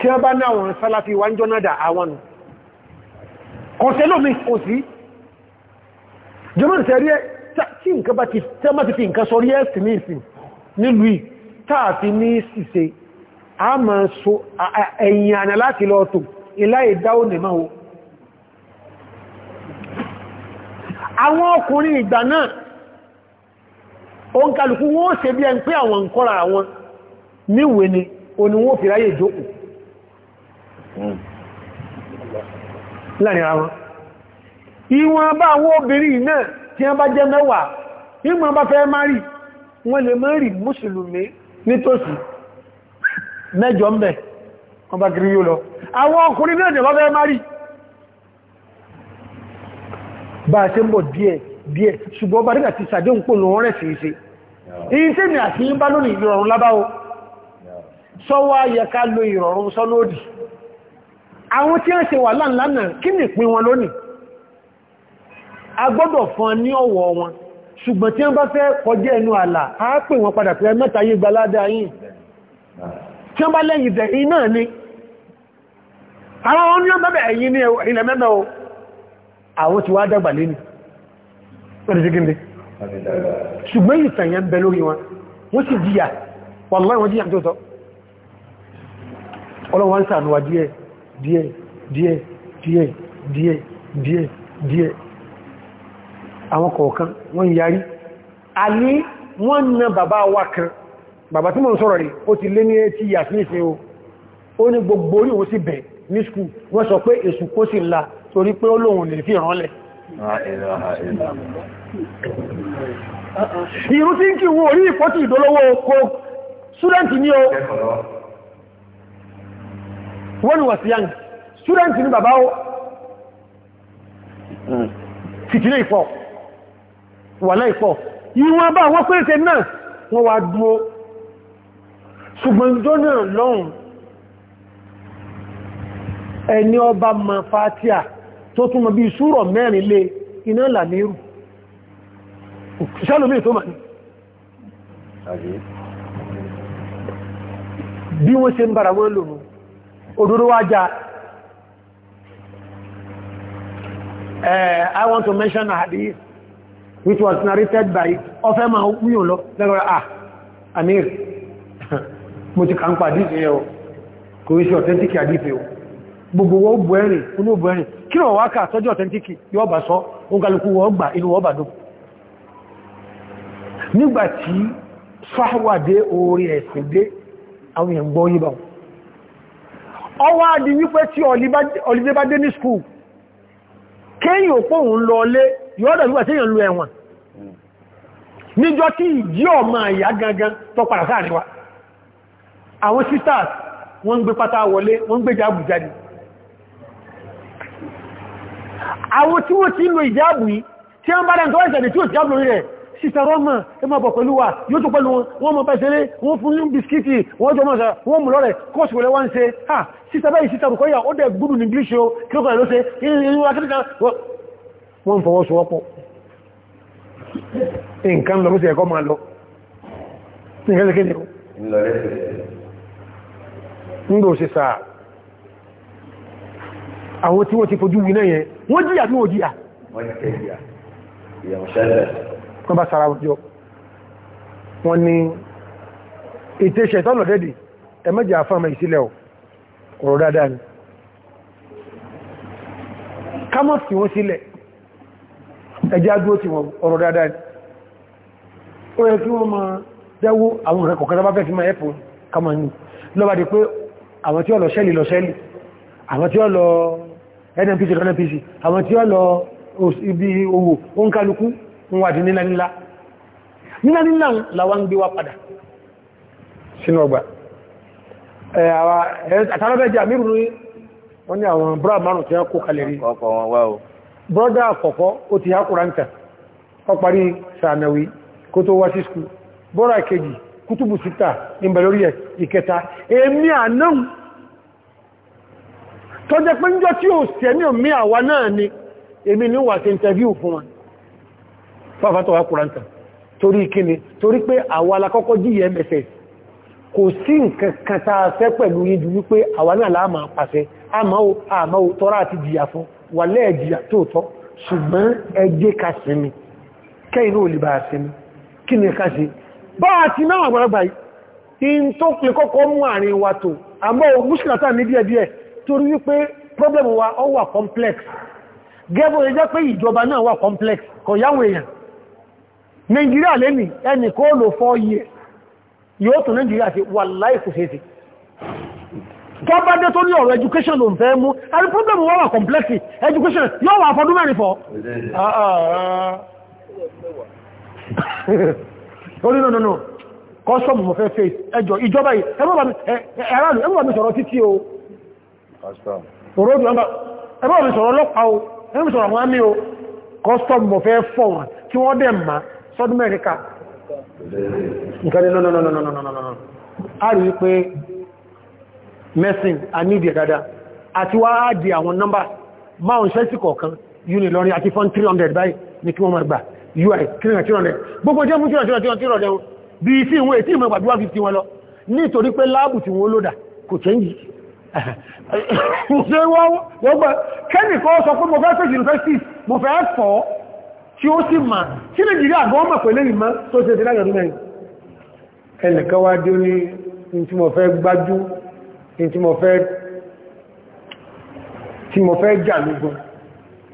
Speaker 2: tí wọ́n bá ní àwọn sálàfí wá ń jọ náà dà àwọn nù kọ̀sẹ́lómi kò sí jọmọ́n tẹ́rí ẹ́ tí nǹkan bá ti tẹ́mà ti fi nǹkan sọ rí ẹ̀sìn ní ìsìn nílùú ì tààfi ní ṣìṣe a ma so ẹ̀yìn ànà láti lọ tò iláì dáwò àwọn ọkùnrin ìgbà náà o wọ́n ṣe bí ẹn ni o ni wọ́n fi ráyè jókòó láàrin ara wọn ìwọ̀n bá àwọn obìnrin náà tí wọ́n bá jẹ́ mẹ́wàá ìwọ̀n bá fẹ́ márì wọ́n lè márì mùsùlùmí nítòsí mẹ́jọ ń bẹ̀ wọ́n bá kiri yóò lọ àwọn ọkùnrin náà jẹ́ bá fẹ́ márì bá ṣe ń bọ̀ díẹ̀ díẹ̀ ṣùgbọ́n bá dídà ti sàdé ń pò lọ rẹ̀ àwọn tí wọ́n ṣe wà láàrínlánà kí ni ìpín wọn lónìí a gbọ́dọ̀ fún ní ọ̀wọ̀ wọn ṣùgbọ́n tí wọ́n bá fẹ́ kọjá ẹnu àlà a pè wọn padà pé mẹ́ta yé gbaládá yìí tí wọ́n bá lẹ́yìn dẹ̀ iná ni àwọn ọmọ yọ́n bẹ́bẹ̀ ẹ̀yìn ní ilẹ̀ mẹ́mẹ́ o díẹ̀ díẹ̀ díẹ̀ díẹ̀ díẹ̀ díẹ̀ àwọn kọ̀ọ̀kan wọ́n yarí alé wọ́n na bàbá wa kan bàbá tí mọ̀ ń sọ̀rọ̀ rẹ̀ ó ti lé ní ẹtí yàtíníṣẹ́ o ó ní gbogbo orí òun sí bẹ̀ ní skú wọ́n sọ pé èsù kó sì ńlá torí pé ó lóhun lè fi ìrànlẹ̀ ìrú tí ń kí wo orí ìpọ́tí ìdólówó oko súdẹ́ntì ní o when he was young student ni bàbá ó hmm. fìtìlẹ̀ ìfọ́ wàlá ìfọ́ ìwọ̀n bá wọ́n pẹ́ẹ̀tẹ̀ náà wọ́n wá dúó ṣùgbọ́n jọ́nà lọ́hùn ẹni ọba ma fàtíà tó túnmọ̀ bí ṣúrọ̀ mẹ́rin lé iná làmírù ṣálòmí tó mà ní bí wọ́n ṣe ń bára wọn lòrùn Ododo wá
Speaker 1: I
Speaker 2: want to mention a hadith which was narrated by ọfẹ́ ah Amir mo ti kàn pàdé ìṣẹ́ ẹ̀ kò rí authentic hadith gbogbo wọ́n bù ẹ̀rìn inú kí wọ́n ká authentic yóò bà sọ oúnkàlùkù wọ́n gbà inú wọ́n dùn nígbàtí orí ọwọ́ adi wípé tí ọlídé bá dé ní skúl kéyìn òpó òun lọ lé yọ́dọ̀ wípé tí èyàn lọ ẹ̀wọ̀n níjọ́ tí ìjí ọmọ ìyá gangan tó padà sáàrin wa àwọn sisters wọ́n ń gbé pátá wọlé wọ́n ń gbé jáàbù jáde àwọn tí wọ́n ti lo ìjáàbù yìí tí wọ́n bá dẹ̀ sísàrọ́mà ẹ máa bọ̀ pẹ̀lú wa yóò tó pẹ̀lú wọn mọ́ pẹ̀sẹ̀lé wọ́n fún ní bisikíti wọ́n jọ mọ́sà wọ́n mú lọ́rẹ̀ kọ́ọ̀sì wọlé wá ṣe ha sísàbẹ́ ìsítàrùkọ́yà ó dẹ̀ gbúdù ní English o kí ó kọ̀ ló ṣe inú akẹ́kẹ́kẹ́ wọ́n fọwọ́sowọ́pọ̀ nǹkan lọ sí ẹ̀kọ́ máa lọ nǹkan lẹ́kẹ́ ni ó ń lọ sí sáà àwọn tí wọ́n ti fojú wí náà yẹn wọ́n wọ́n bá sára jọ wọ́n ní ètè ṣẹ̀tọ́nà dẹ́dì ẹmẹ́jì àfáàmà ìsílẹ̀ ọ̀rọ̀ dáadáa ni kámọ́ fi wọ́n sílẹ̀ ẹjá dúró ti wọ́n ọ̀rọ̀ dáadáa ni ó yẹ kí wọ́n máa dẹ́wó àwọn ọ̀rẹ́ kọ̀kọ́ bá fẹ́ fi máa ẹ̀pù kámọ́ ní lọ́bàá di pé àwọn tí ó lọ sẹ́lì lọ sẹ́lì àwọn tí ó lọ nnpc lọ nnpc àwọn tí ó lọ ibi owó ó ń wọ́n wà nila, nílá nila nílá nílá làwọn ń gbé wá padà sínú ọgbà àtàrọ́bẹ̀jẹ́ àmìrù ní wọ́n ní àwọn brọ́dà márùn tí a kó kalẹ̀ rí brọ́dà àkọ́kọ́ ó ti há kùrántà ó parí sàánàwí kó tó wá sí skú brọ́dà kejì kútùbù síta ìbẹ̀lórí ẹ̀ ìkẹta èmi ànáà tọ́jẹ́ pé ń jọ tí ó sẹ́mí òmí àwa náà ni èmi ni wà fáfátọ̀ wá kùrántà torí kíni torí pé àwa alákọ́kọ́ jíyẹ mẹ́sẹ̀ kò sí nǹkan kan tá a fẹ́ pẹ̀lú yíjú wípé àwa náà láàmà pàṣẹ àmáwò àmáwò tọ́rà àti jìyà fún wà lẹ́ẹ̀jìyà tóòtọ́ ṣùgbọ́n ẹjẹ́ ká sinmi kẹ́yìn náà ò lè bá sinmi kí ni ká ṣe wa tó wa complex gẹ́gbọ́n ẹjẹ́ pé ìjọba náà wà complex kọ̀ èèyàn Nigeria lẹ́nì ẹni kó lò fọ́ yẹ yóò tún Nigeria sí wà láìkù sí tó bá dé tó ní ọ̀rọ̀ education ló ń fẹ́ mú ẹni problem wọ́n wà complexity education yóò wà fọdún mẹ́rin fọ́ orí no no no custom mo fẹ́ face ẹjọ́ ìjọba yìí ẹgbọ́n mi sọ̀rọ̀ títí o ẹgbọ́n mi sọ̀rọ̀ ọlọ́pàá o ẹgbọ́n mi sọ̀rọ̀ àwọn àmì o custom mo fẹ́ fọ́ wọn tí wọ́n dẹ̀ máa South America nǹkan ní nọ́nà a rí wípé mẹ́sìn àníbì dada àti wá áàdì àwọn nọ́mbà máa ń ṣẹ́sì kọ̀ọ̀kan uni lọ́rin àti fún 300 báyìí ní kí wọ́n máa gbà ui 300 gbogbo jẹ́ mú 300 bí i sí ìwọ̀n ètí ìmọ̀ gbàdúwà 50 wọn lọ nítorí pé láàbù tí wọ́n lòdà kò chẹ́njì kẹ́nìkan sọ pé mo fẹ́ fẹ́ university mo fẹ́ fọ́ tí ó sì máa tí nàìjíríà gan mọ̀ pẹ̀lú ìmọ́ tó ṣe sí láyọ̀ mẹ́rin ẹnìkan wá dé ní tí mo fẹ́ gbájú tí mo fẹ́ jà lógún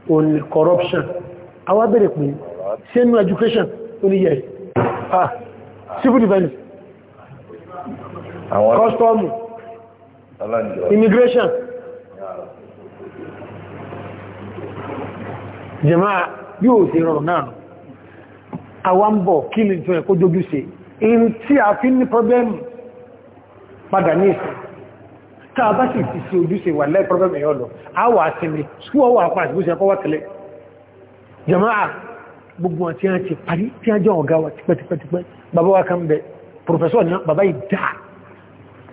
Speaker 2: o ní corruption a wá bèèrè pé sínú education ó ní yẹ̀rì ah, civil defense custom immigration jama'a bí ó ṣe rọrùn náà àwọn ń bọ̀ kí lè tún ẹ̀kọ́ jójú ṣe in tí a fi ní pọ́bẹ́mù padà ní ìsìn tá a bá sì ti ṣe ojúṣe wà láì pọ́bẹ́mù ẹ̀yọ́ lọ a wà sinmi sí ọwọ́ apá àti bóṣe ẹ̀kọ́ wà tẹ́lẹ̀ jama'a gbogbo wọn tí a ti parí tí a jẹ́ ọ̀gá wa tipẹ́tipẹ́tipẹ́ bàbá wa kan bẹ pòfẹ́sọ̀ náà bàbá ìdá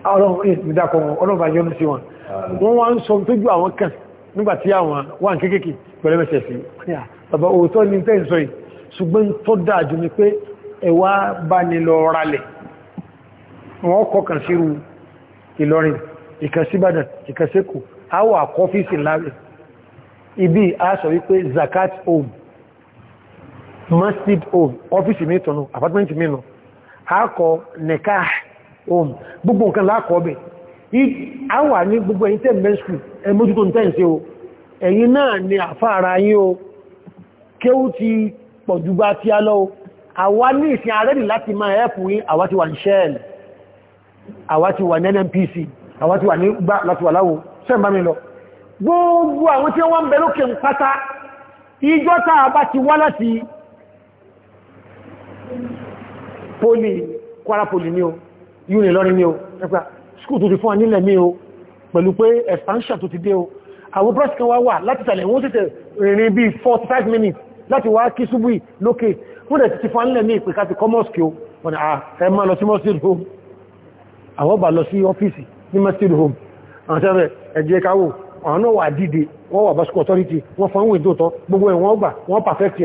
Speaker 2: ọlọ́run bá yọ́nú sí wọn wọ́n wá ń sọ tójú àwọn kan nígbàtí àwọn pẹ̀lẹ́mẹ́sẹ̀ sí bàbá òótọ́ ní tẹ́ ìsọ yìí ṣùgbọ́n tó dájú ni pé ẹwà bá ní lọ ralẹ̀ wọ́n kọkàn sírú Ìlọrin ìkànsíbàdàn ìkànsíkò àwọ̀ àkọ́fíìsì lábẹ̀ ibi a sọ wípé zakat home masjid home ọ́fíìsì mẹ́tọ̀nù apátmẹ́ntì mẹ́nà àkọ́ neka home gbogbo nǹkan lákọ̀ọ́ bẹ̀ àwà ní gbogbo ẹ̀yìn tẹ́ mẹ́sùn ẹmójútó ní tẹ́ ìṣẹ́ o ẹ̀yìn náà ni àfáàrà yín kéwú ti pọ̀jùgbà tí a lọ́wọ́ àwa ní ìsìn ààrẹ nì láti máa ẹ̀pù yí àwa ti wà ní shell àwa ti wà ní nnpc àwa ti wà ní gbá láti wà láwo sẹ́mbà mi lọ gbogbo àwọn tí wọ́n ń bẹ ń pátá ìjọ poli kwara poli ní o uni lọ́rin ní o ẹgbà skúù tó ti fún wa nílẹ̀ mí o pẹ̀lú pé expansion tó ti dé o àwọn bros kan wá wà láti tàlẹ̀ wọ́n tètè rìnrìn bí 45 minutes láti wá kí ṣubú lókè wọ́n dẹ̀ ti fánlẹ̀ ní ìpè káti kọmọ́sì o wọ́n lọ sí home àwọn bà lọ sí ọ́fíìsì ní mọ́sílì home àwọn sẹ́rẹ̀ ẹ̀jẹ́ káwò àwọn náà wà dìde wọ́n wà bá school authority wọ́n fọ́n wè dóòtọ́ gbogbo ẹ̀ wọ́n gbà wọ́n perfect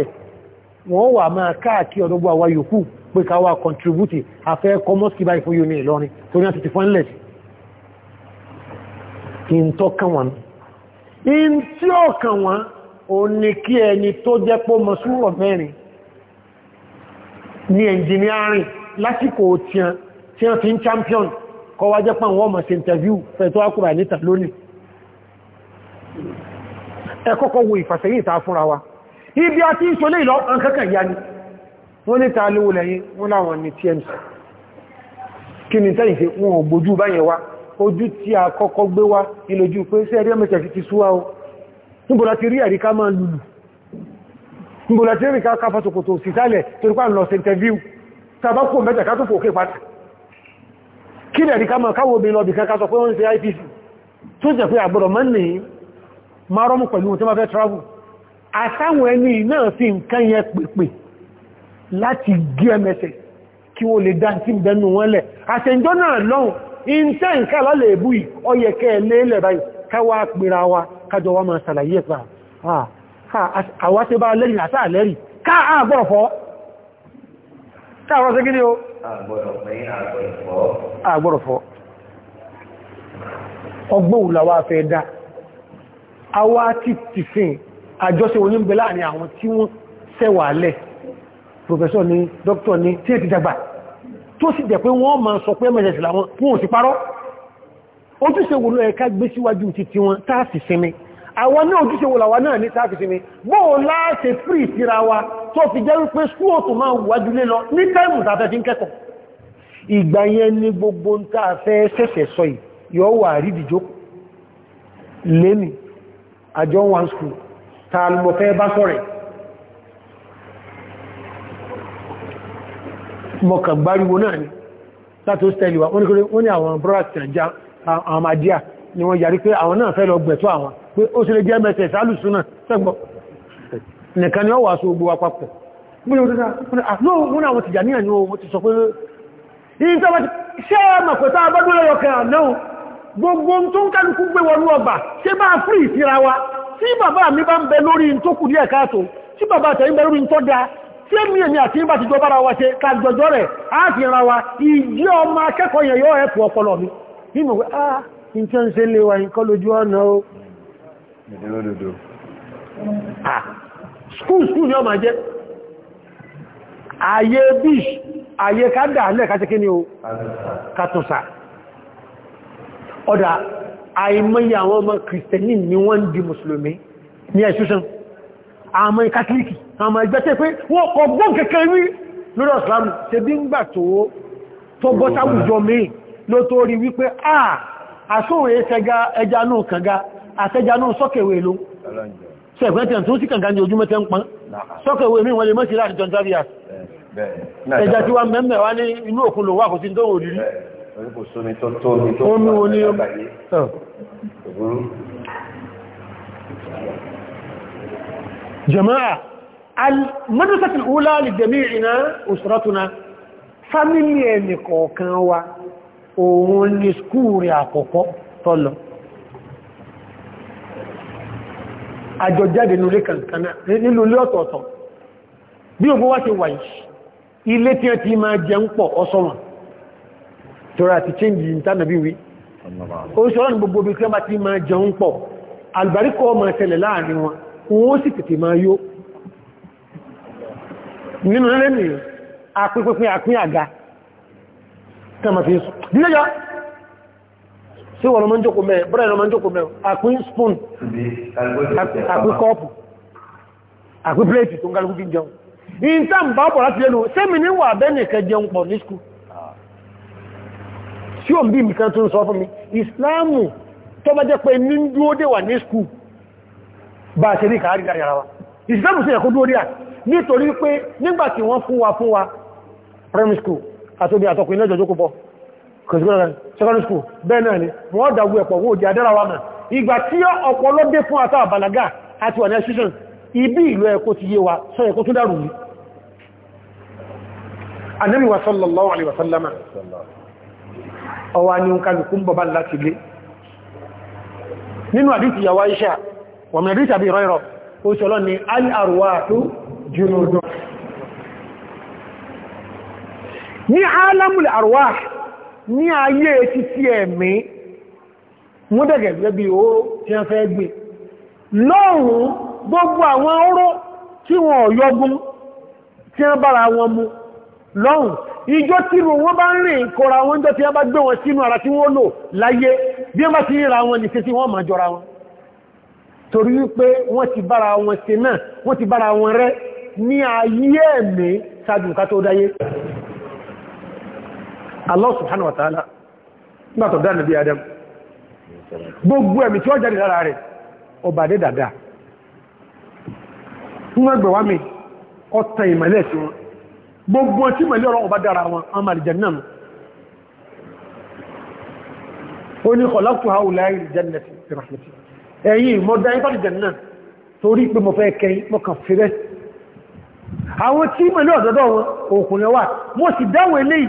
Speaker 2: ẹ̀ wọ́n contribute afẹ́ kọmọ́sì báyìí fún yóní Ìlọrin tó ní àti ti in tí ọkàn wọn òun ni kí ẹni tó jẹ́ pó mọ súrọ̀ mẹ́rin ní engineering lásìkò tíyàn tí wọ́n fi ń champion kọ wá jẹ́ pàn wọ́n sí interview fẹ̀tọ́ akùrà níta lónìí ẹ wo ìfàsẹ̀yìn ìta fúnra wa ibi a ti ń sọlé ìlọ ọ̀nkankan ya ni wọ́n ní ta lówó lẹ́yìn wọ́n láwọn ní tmc kí ni tẹ́yìn sí wọn ò gbójú báyẹn wá ojú tí a kọ́kọ́ gbé wá ìlójú pé sẹ́ẹ̀rí ẹ̀mẹ́tẹ̀ níbòlá ti rí ẹ̀ríká máa lùlù níbòlá ti rí ká fásokòtò sísàlẹ̀ tó nípa lọ sẹ́ntẹ̀víw tàbákò mẹ́ta ká tó fòkè pàtà kí ní ẹ̀ríká máa káwò obìnrin ọdún kẹ́kà sọ pé wọ́n ń ṣe IPC tó jẹ́ pé àgbọ̀rọ̀ mọ́ ní márọ́mù pẹ̀lú tí wọ́n fẹ́ travel àtàwọn ẹni náà fi nǹkan yẹn pèpè láti gé ẹmẹsẹ̀ kí wọ́n lè dá kájọ wọ́n máa sàlàyé ẹ̀pá àwá tí bá lẹ́rìn àtà lẹ́rìn káà àgbọ̀rọ̀ fọ́ káàrọ̀ sí gíní o àgbọ̀rọ̀ fọ́ ọgbọ́ òlàwà fẹ́ dá àwá tí ti sin àjọṣe oníbẹ̀ láàrin àwọn tí wọ́n sẹ́wà lẹ̀ professor ni doctor ni tí è ti dàgbà tó sì jẹ́ pé wọ́n máa sọ pé mẹ́jẹ̀sì làwọn wọn ò sì parọ́ ojúṣe wo ló ẹ̀ká gbé síwájú títí wọn táàfì sinmi àwọn náà ojúṣe wo làwọn náà ní táàfì sinmi bóò láàṣẹ frí síra wa tó fi jẹ́ wípé skúòtù máa wájú lé lọ ní tẹ́mù tàfẹ́ fi ń kẹ́kọ̀ọ́ ìgbà yẹn ní gbogbo ń tàfẹ́ sẹ̀sẹ̀ sọ yóò wà náà ni látò stẹ́lì wa wọ́n ni àwọn brọ́dà tẹ̀já àwọn àdíà ni wọ́n yàrí pé àwọn náà fẹ́ lọ gbẹ̀tọ́ àwọn pé ó sì lè jẹ́ mẹ́sẹ̀ sálùsúnà sẹ́gbọ́ nìkan ni ó wà sóògbò apapọ̀ tí bàbá mi bá ń bẹ lórí tó kù díẹ̀ káàtò tí bàbá tẹ̀yìn bẹ lórí tó dáa tí èmì èmì àti ìbá ti jọ bára wa ṣe kàjọjọ́ rẹ̀ á fi ra wa ìjẹ́ ọmọ akẹ́kọ̀ọ́ ní mọ̀ ah in tí ó ń ṣe lè wà nǹkan lójú ọ̀nà o ìdílódòdó ah skúl skúl ni ọ ma jẹ́ ayé beach ayé kádà alẹ́ kàtíkí ni o kàtùsà ọ̀dà àìmọ́yí àwọn ọmọ kìrìsìtẹ̀ní ni wọ́n di mùsùlùmí ní ẹ̀ṣúṣan àmọ́ ìkátìlìkì àmọ́ ìgbẹ́tẹ́ pé wọ́n kọ̀ gbọ́n kẹ́kẹ́ rí lórí ọ̀sán ṣe ń gbà tó tó bọ́sáwùjọ mìí ló tó rí wípé àà àṣóhun ẹja náà kànga àtẹja náà sọ́kẹ̀wé ló sẹ̀fẹ́tẹ̀ tó sí kànga ní ojúmọ́ tẹ́ ń pán sọ́kẹ̀wé mi wọ́n lè mọ́sí láti john javier ẹja tí wá mẹ́mẹ́ wá ní inú òkun lò wà kò sí tó òrírí omi oní jama'a al-madrasatul ula li jami'ina usratuna family ẹni wa òun ní skúù rẹ̀ àkọ́kọ́ tọ́lọ àjọjáde nílé kankaná nílò ilé ọ̀tọ̀ọ̀tọ̀ bí ògbó wá ti wà yìí ilé tí a ti máa jẹ ń pọ̀ ọsọ́wọ̀n tọ́rọ àti change in tánà bí wí oṣọ́rọ̀ ní tẹ́mà fi ń sùn díjẹ́já sí wọ́n lọ́mọ́ jókòó mẹ́ bọ́rẹ̀ lọ́mọ́ jókòó mẹ́ àpín spoon àpín kọ́ọ̀pù àpín plate tó ń gálùkú fi jẹun in tán bá pọ̀ láti lẹ́nu sẹ́mi ní wà bẹ́nìkẹ́ jẹun pọ̀ ní skú sí o bí nìkan tó ń sọ fún mi ìsìláàmù tó bá jẹ́ pé ní dúó dé wà ní skú bá ṣe ní kàárí dáyàrá wa ìsìláàmù sí ẹ̀kọ́ dúó dé à nítorí pé nígbàtí àtòbí àtọkùn ilẹ́jọ jókó pọ̀ secondary school bẹ́ẹ̀ náà ni wọ́n dàgbù ẹ̀pọ̀ wó di adẹ́rawa náà ìgbà tí ọ̀pọ̀ lọ́dé fún àtà àbàlágà àti ibi ìlú ẹ̀kọ́ ti yé wa sọ ẹ̀kọ́ wa sallallahu alaihi wasallama ọwá ni ń kàlùkù ń bọ̀bá láti lé nínú àdíkì yàwó Aisha ni al-arwatu junudun ní alamul arwah ní ayé títí ẹ̀mí wọ́n dẹ̀gẹ̀ gẹ́gẹ́ bí oró tí wọ́n fẹ́ gbé lọ́rùn gbogbo àwọn oró tí wọ́n yọgún tí wọ́n bára wọn mu lọ́rùn ìjọ tírù wọ́n bá ń rìn kọra wọn jọ tí wọ́n bá gbé wọn sínú ara tí wọ́n lò láyé bí wọ́n bá ti ríra wọn nìṣe tí wọ́n máa jọra wọn Allah subhanahu wa ta'ala nígbàtọ̀ dáa nàbí Adam gbogbo ẹ̀mí tí ó jáde lára rẹ̀ ọba dé dada fún ẹgbẹ̀wà mi ọta ìmẹ̀lẹ̀ sí wọn gbogbo tí mẹ̀lẹ̀ ọ̀rọ̀ ọba dára wọn a màrì jannam ó ní khalaqtu haula lil jannati bi rahmati ẹ̀yìn mọ́ dáyé bá jannam torí pé mo fẹ́ kẹyìn mọ́kàn fẹ́rẹ́ àwọn tí mẹ̀lẹ̀ ọ̀dọ́dọ́ wọn òkùnrin wà mo sì dáwọn eléyìí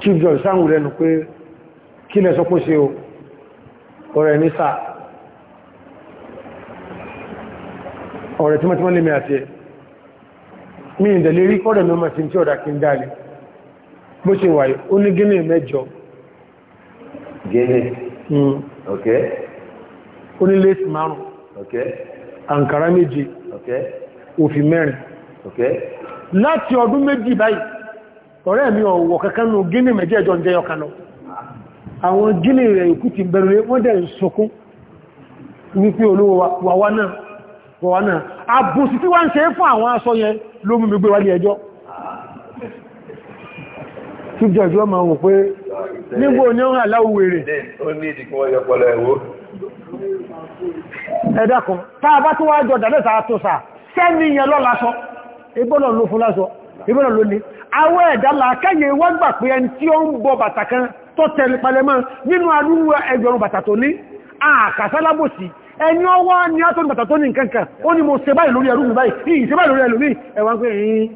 Speaker 2: chief john sáhùn rẹ̀ nù pé kí lẹ́ sọpọ̀ sí o ọ̀rẹ́ ní sáà ọ̀rẹ́ tí mọ́tímọ́ lè mẹ́ àti ẹ̀ mi ìdẹ̀lẹ̀ rí kọ́rẹ̀ mọ́ sí tí ọ̀dá kí ń dáre bó ṣe wà ó ní gínì mẹ́jọ
Speaker 1: gínì hmm. ok
Speaker 2: ó ní lẹ́sì láti ọdún méjì báyìí ọ̀rẹ́ mi ọ̀wọ̀ kankan nù gíní mẹ́jẹ́jọ ń jẹyọ kanọ àwọn gíní rẹ̀ ìkú ti bẹ̀rẹ̀ wọ́n dẹ̀ ń sọkún wípé olówó wàwá náà wàwá náà àbòsí tí wá ń ṣe fún àwọn aṣọ yẹn ló mú mi gbé wálé ẹjọ́ chief judge wọ́n ma wọ́n pé
Speaker 1: nígbò ní ọ̀rọ̀ aláwòwèrè
Speaker 2: ẹ̀dàkùn táa bá tó wá jọ dàdẹ́ta tó sà sẹ́ni yẹn lọ́lásọ ìbọ́lọ̀ ló fún lásọ ìbọ́lọ̀ ló ní àwọn ẹ̀dà làákàyè wọ́n gbà pé ẹni tí ó ń bọ bàtà kan tó tẹ̀lé palẹ̀mọ́ nínú arúgbó ẹgbẹ̀rún bàtà tó ní àkàsálábòsí ẹni ọwọ́ ni a tó ní bàtà tó ní nǹkan kan ó ní mo ṣe báyìí lórí ẹrú Ah, báyìí ṣe báyìí lórí ẹlòmí ẹwà pé ẹ̀yìn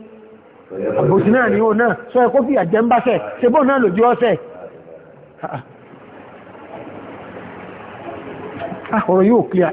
Speaker 2: clear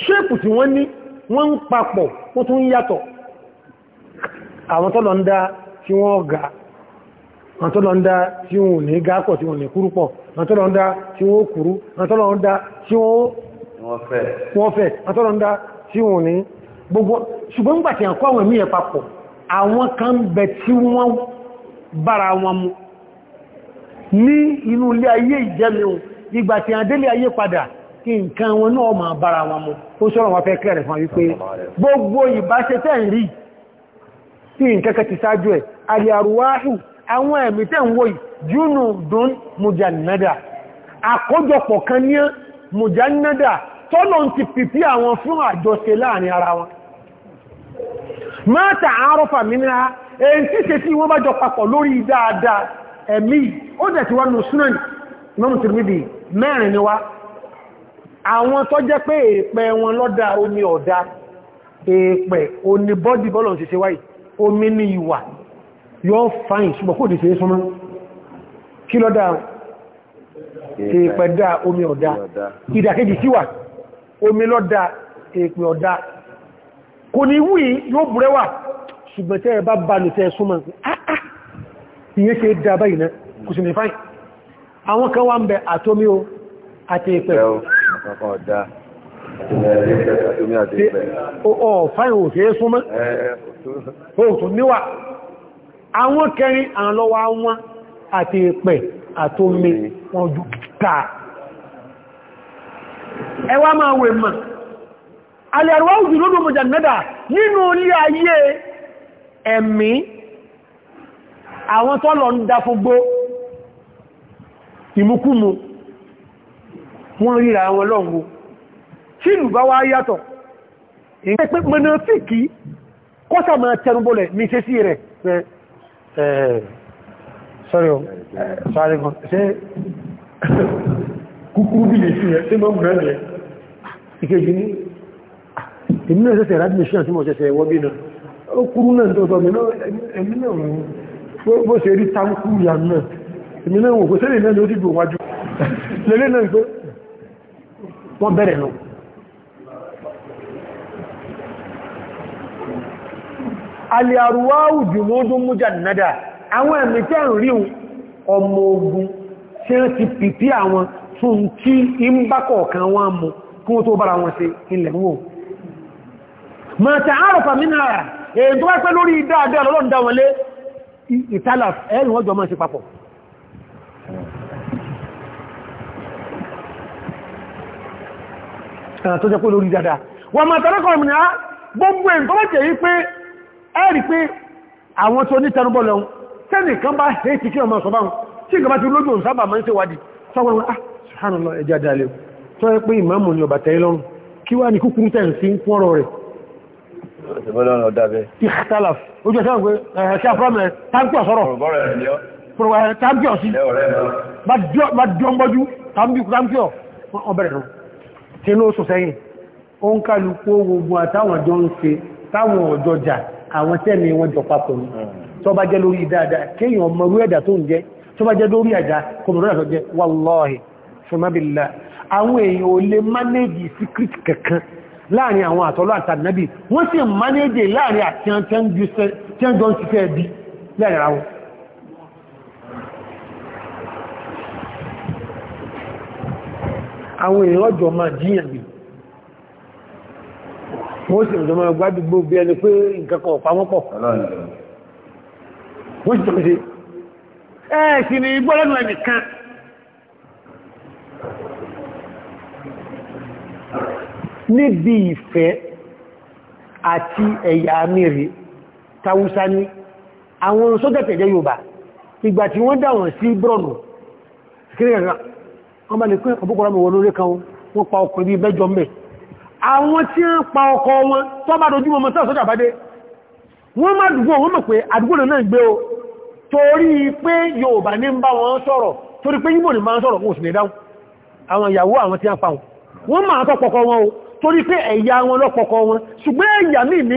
Speaker 2: ṣéèpù tí wọ́n ní wọ́n ń papọ̀ wọ́n tún yàtọ̀ àwọn tọ́lọ ń dá tí wọ́n ga àwọn tọ́lọ ń dá tí wọ́n ní gápọ̀ tí wọ́n ní kúrú pọ̀ àwọn tọ́lọ ń dá tí wọ́n kúrú àwọn tọ́lọ ń dá tí
Speaker 1: wọ́n
Speaker 2: fẹ̀ àwọn tọ́lọ ń dá tí wọ́n ní wọn mu ní inú ilé ayé ìjẹ́mi ìgbà tí àdélé ayé padà kí nǹkan wọn náà ma bára wọn mú ó sọ́rọ̀ wọn fẹ́ kẹrẹ̀ fún wípé gbogbo ìbáṣe tẹ́ ń rí tí nkẹ́kẹ́ ti sáájú ẹ̀ àríàrùwáhù àwọn ẹ̀mí tẹ́ ń wò júnù dún mùjànnádà àkójọpọ̀ kan ní mùjànnádà tọ́lọ ti pìpí àwọn fún àjọṣe láàrin ara wọn mẹ́ta àárọ́fà mìíràn èyí mẹ́rin ni wá àwọn tó jẹ́ pé èèpẹ̀ wọn lọ́dá omi ọ̀dá èèpẹ̀ oní bọ́dì bọ́lọ̀ ti ṣe wáyìí omi ní ìwà yóò fáyìn ṣùgbọ́n kò dì ṣe súnmọ́ kí lọ́dá èèpẹ̀ dá omi ọ̀dá ìdàkejì síwà omi lọ́dá èèpẹ̀ ọ̀dá kò ní wù yóò búrẹ́wà ṣùgbọ́n tẹ́ ẹ bá bá ní tẹ́ súnmọ́ ah, ah. ìyẹn ṣe dá báyìí náà kò sì ní fáyìn àwọn kan wá ń bẹ àtómi o àti èèpẹ̀ àkọ́kọ́ ọ̀dá àwọn kẹrin àlọ́wà wọn àti ìpẹ̀ àtomi wọn jù káà ẹwà máa wè mọ̀ alẹ́rọ̀wà òjò lónà mọ̀jànádà nínú ilé ayé ẹ̀mí àwọn tọ́lọ̀ ń da fún gbó ìmúkúmu wọ́n ríra wọn lọ́nwó tí ìlú bá wá yàtọ̀ ìgbẹ́ pé mọ́nà tí kí kọ́sà máa tẹnubọ́lẹ̀ ní ṣe sí rẹ̀ sorry o sorry kan ṣe kúkúrú bí lè sí ẹ tí mọ́ mọ́ rẹ̀ ìkejì ní èmi náà ṣẹ̀ṣẹ̀ radmission tí mo ṣẹ̀ṣẹ̀ wọ́ bí náà ó kúrú náà tó tọ́ èmi wọ́n bẹ̀rẹ̀ lọ aliyaruwa ojúmọ́dún mújànádà àwọn ẹ̀mí tẹ́ ń rí ọmọ ogun tí ó ti pìpí àwọn tún tí ń bá kọ̀ọ̀kan wọn mú kí wọ́n tó bára wọn ṣe ilẹ̀ wò ma ta àrùfà mí náà èyí tó wá pẹ́ lórí dáadáa lọ́lọ́dá wọn lé ìtàlà ẹ̀rùn ọjọ́ máa ṣe papọ̀ tó jẹ́ pé lórí dada wọ́n máa tọ́lọ́kọ̀ ìmìnà ah, gbogbo ẹ̀ tó mẹ́tẹ̀ yí pé ẹ̀rì pé àwọn tó ní tẹnubọ́lọ tẹ́nì kan bá ṣe kí ọmọ sọ tí ìgbà ti lójú òǹsábà máa ń ṣe wádìí sọ́wọ́n ah subhanallah ẹja dalẹ̀ tó yẹ pé ìmáàmù ni ọ̀bà tẹ́lẹ̀ lọ́rùn kí wá ní kúkú tẹ̀ sí fún ọ̀rọ̀ rẹ̀ ìhtàlàf ojú ẹ̀sẹ̀ pé ẹ̀ṣẹ́ eh, afọ́mẹ̀ táńkì ọ̀sọ́rọ̀ táńkì ọ̀sí bá dọ́gbọ́jú táńkì ọ̀ tí ló sọ sẹ́yìn ó ń kálukú gbogbo àtàwọn jọ ń ṣe táwọn ọjọ́ jà àwọn tẹ́ẹ̀mì wọn jọ papọ̀ ní hmm. tó bá jẹ́ lórí dáadáa kéèyàn mọ̀rú ẹ̀dà tó ń jẹ́ tó bá jẹ́ lórí ẹ̀dà kòmọ̀rọ̀ ẹ̀dà jẹ́ wallahi fúnmábìlá àwọn èèyàn ò lè mánéjì secret kankan láàrin àwọn àtọ́lọ́ àtànábì wọ́n sì mánéjì láàrin àti àwọn èèyàn ọjọ́ máa jíyàn bí wọ́n sì ọjọ́ máa gbádùgbò bí ẹni pé nǹkan kan pàmọ́pọ̀ wọ́n sì tọ́kẹ́ sí ẹ̀ẹ̀sì ni gbọ́lọ́nà ẹnìkan níbi ìfẹ́ àti ẹ̀yà mìírí tàwùsá ní àwọn sójẹ̀tẹ̀jẹ́ Yorùbá ìgbà tí wọ́n dáwọn sí brọ̀nù kí wọ́n bá lè pín ọ̀pọ̀pọ̀ ọmọ olóre kan wọ́n pa ọkọ̀ ibi mẹ́jọ mẹ́ àwọn tí ń pa ọkọ̀ wọn tó bá dojú mọ́mọ́ sáà sọ́jà bádé wọ́n má dùgbò wọ́n mọ̀ pé àdúgbò náà gbé o torí pé Yorùbá ní ń bá wọn sọ̀rọ̀ torí pé Yíbò ní máa sọ̀rọ̀ wọn ò sì lè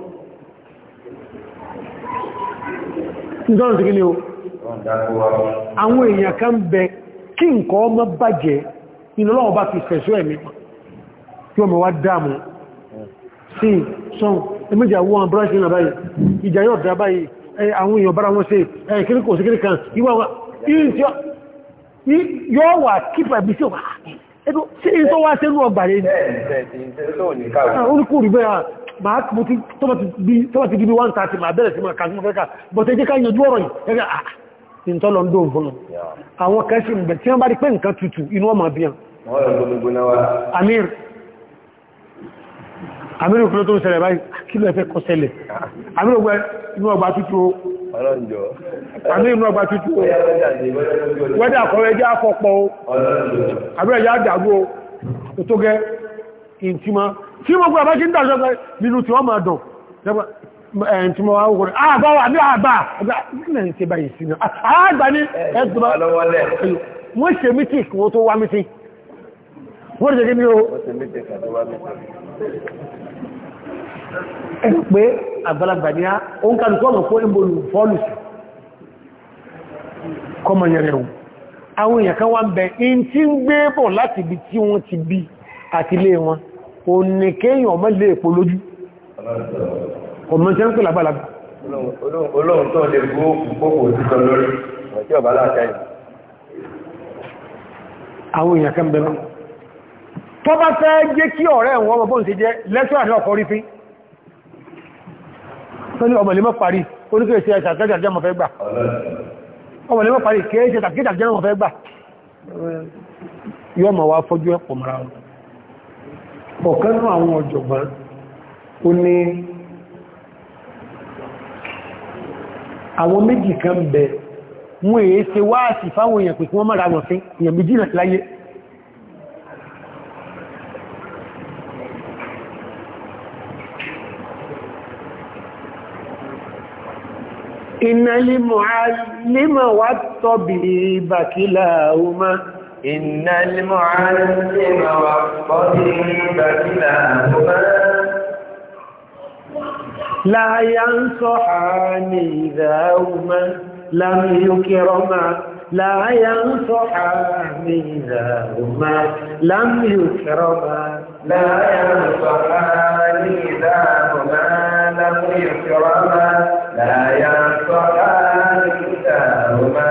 Speaker 2: ìjọ́nà ti kí ni o àwọn èèyàn kan bẹ kí nǹkan ọmọ bàjẹ́ ìlọ́lọ́wọ́ bá fi fẹ̀ṣọ́ ẹ̀mí kí ọmọ wá dáàmù sí sọ́n ẹmẹ́jà wọ́n bráṣì náà báyìí ìjà yóò dá báyìí àwọn èèyàn bára wọn sí kíríkò sí kíríkà ìwà wọn máa mú tí tó bá ti gíbi 130 máa bẹ̀rẹ̀ sí máa kàtí mọ́ fẹ́ká bọ̀ tẹ́ jẹ́ ká yanjú ọ̀rọ̀ yìí ẹgbẹ́ àtìntọ́ ah, lọ ń dóò fún un àwọn kẹsì ń bẹ̀ tí wọ́n bá rí pé nǹkan tutù inú ọmọ bíyàn amir amir òkúrò tó ń ṣẹlẹ̀ báyìí kí ló ẹfẹ́ kọ ṣẹlẹ̀ amir ògbẹ́ inú ọgbà tutù
Speaker 1: o amir inú ọgbà tutù o wẹ́dà
Speaker 2: kọ́rẹ́ jẹ́ àfọ́pọ̀ o àbúrẹ̀ yá dàgbò o tó tí gbogbo àbá kí ń dà sọ́gbẹ́ nínú tí wọ́n máa dùn ẹ̀yìn tí mo wá wọ́n àbá wà ní àbá nílẹ̀ ìṣẹ́ báyìí sí náà ah, àgbà
Speaker 1: ní ẹgbà
Speaker 2: wọ́n ṣe mítì wọ́n tó wá mítì wọ́n ṣe kí ní o ẹ̀ pé
Speaker 1: àgbàlagbà ní á
Speaker 2: ó àwọn èèyàn kan wá ń bẹ in tí ń gbé bọ̀ láti ibi tí wọ́n ti bí àti wọn ò ní kéyàn ọmọ lè èpò lójú ọmọ tí ó ń pè lágbàlagbà
Speaker 1: olóhun tó lè gbó gbogbo òtítọ́ lórí ọ̀tí ọ̀bá láàṣẹ́ yìí
Speaker 2: àwọn èèyàn kan bẹ̀rẹ̀ tó bá fẹ́ jẹ́ kí ọ̀rẹ́ ẹ̀wọ̀n ọmọ bóǹsí jẹ́ lẹ́tọ́ àti ọkọ̀ rí fín tó ní ọmọ lè mọ́ parí oníkèèṣẹ́ ìṣàkẹ́jàjẹ́ mọ̀ fẹ́ gbà ọmọ lè mọ́ parí kéèṣẹ́ ìṣàkẹ́jàjẹ́ mọ̀ fẹ́ gbà yọ́ mọ̀ wá fọ́jú ẹ̀pọ̀ mara wọn ọ̀kanú àwọn ọ̀jọ̀gbọ́n ó ní àwọn méjì kan bẹ̀ mú èé ṣe wáàsì fáwọn èèyàn pẹ̀kún wọ́n mọ́ra wọn fín èèyàn méjì náà láyé ìnàlímọ̀ wá tọ́bí bàkílà ọmọ إن المعلم والطبيب كلاهما لا ينصحان إذا هما لم يكرما لا
Speaker 1: ينصحان
Speaker 2: إذا هما لم يكرما
Speaker 1: لا ينصحان إذا هما لم يكرما لا ينصحان إذا هما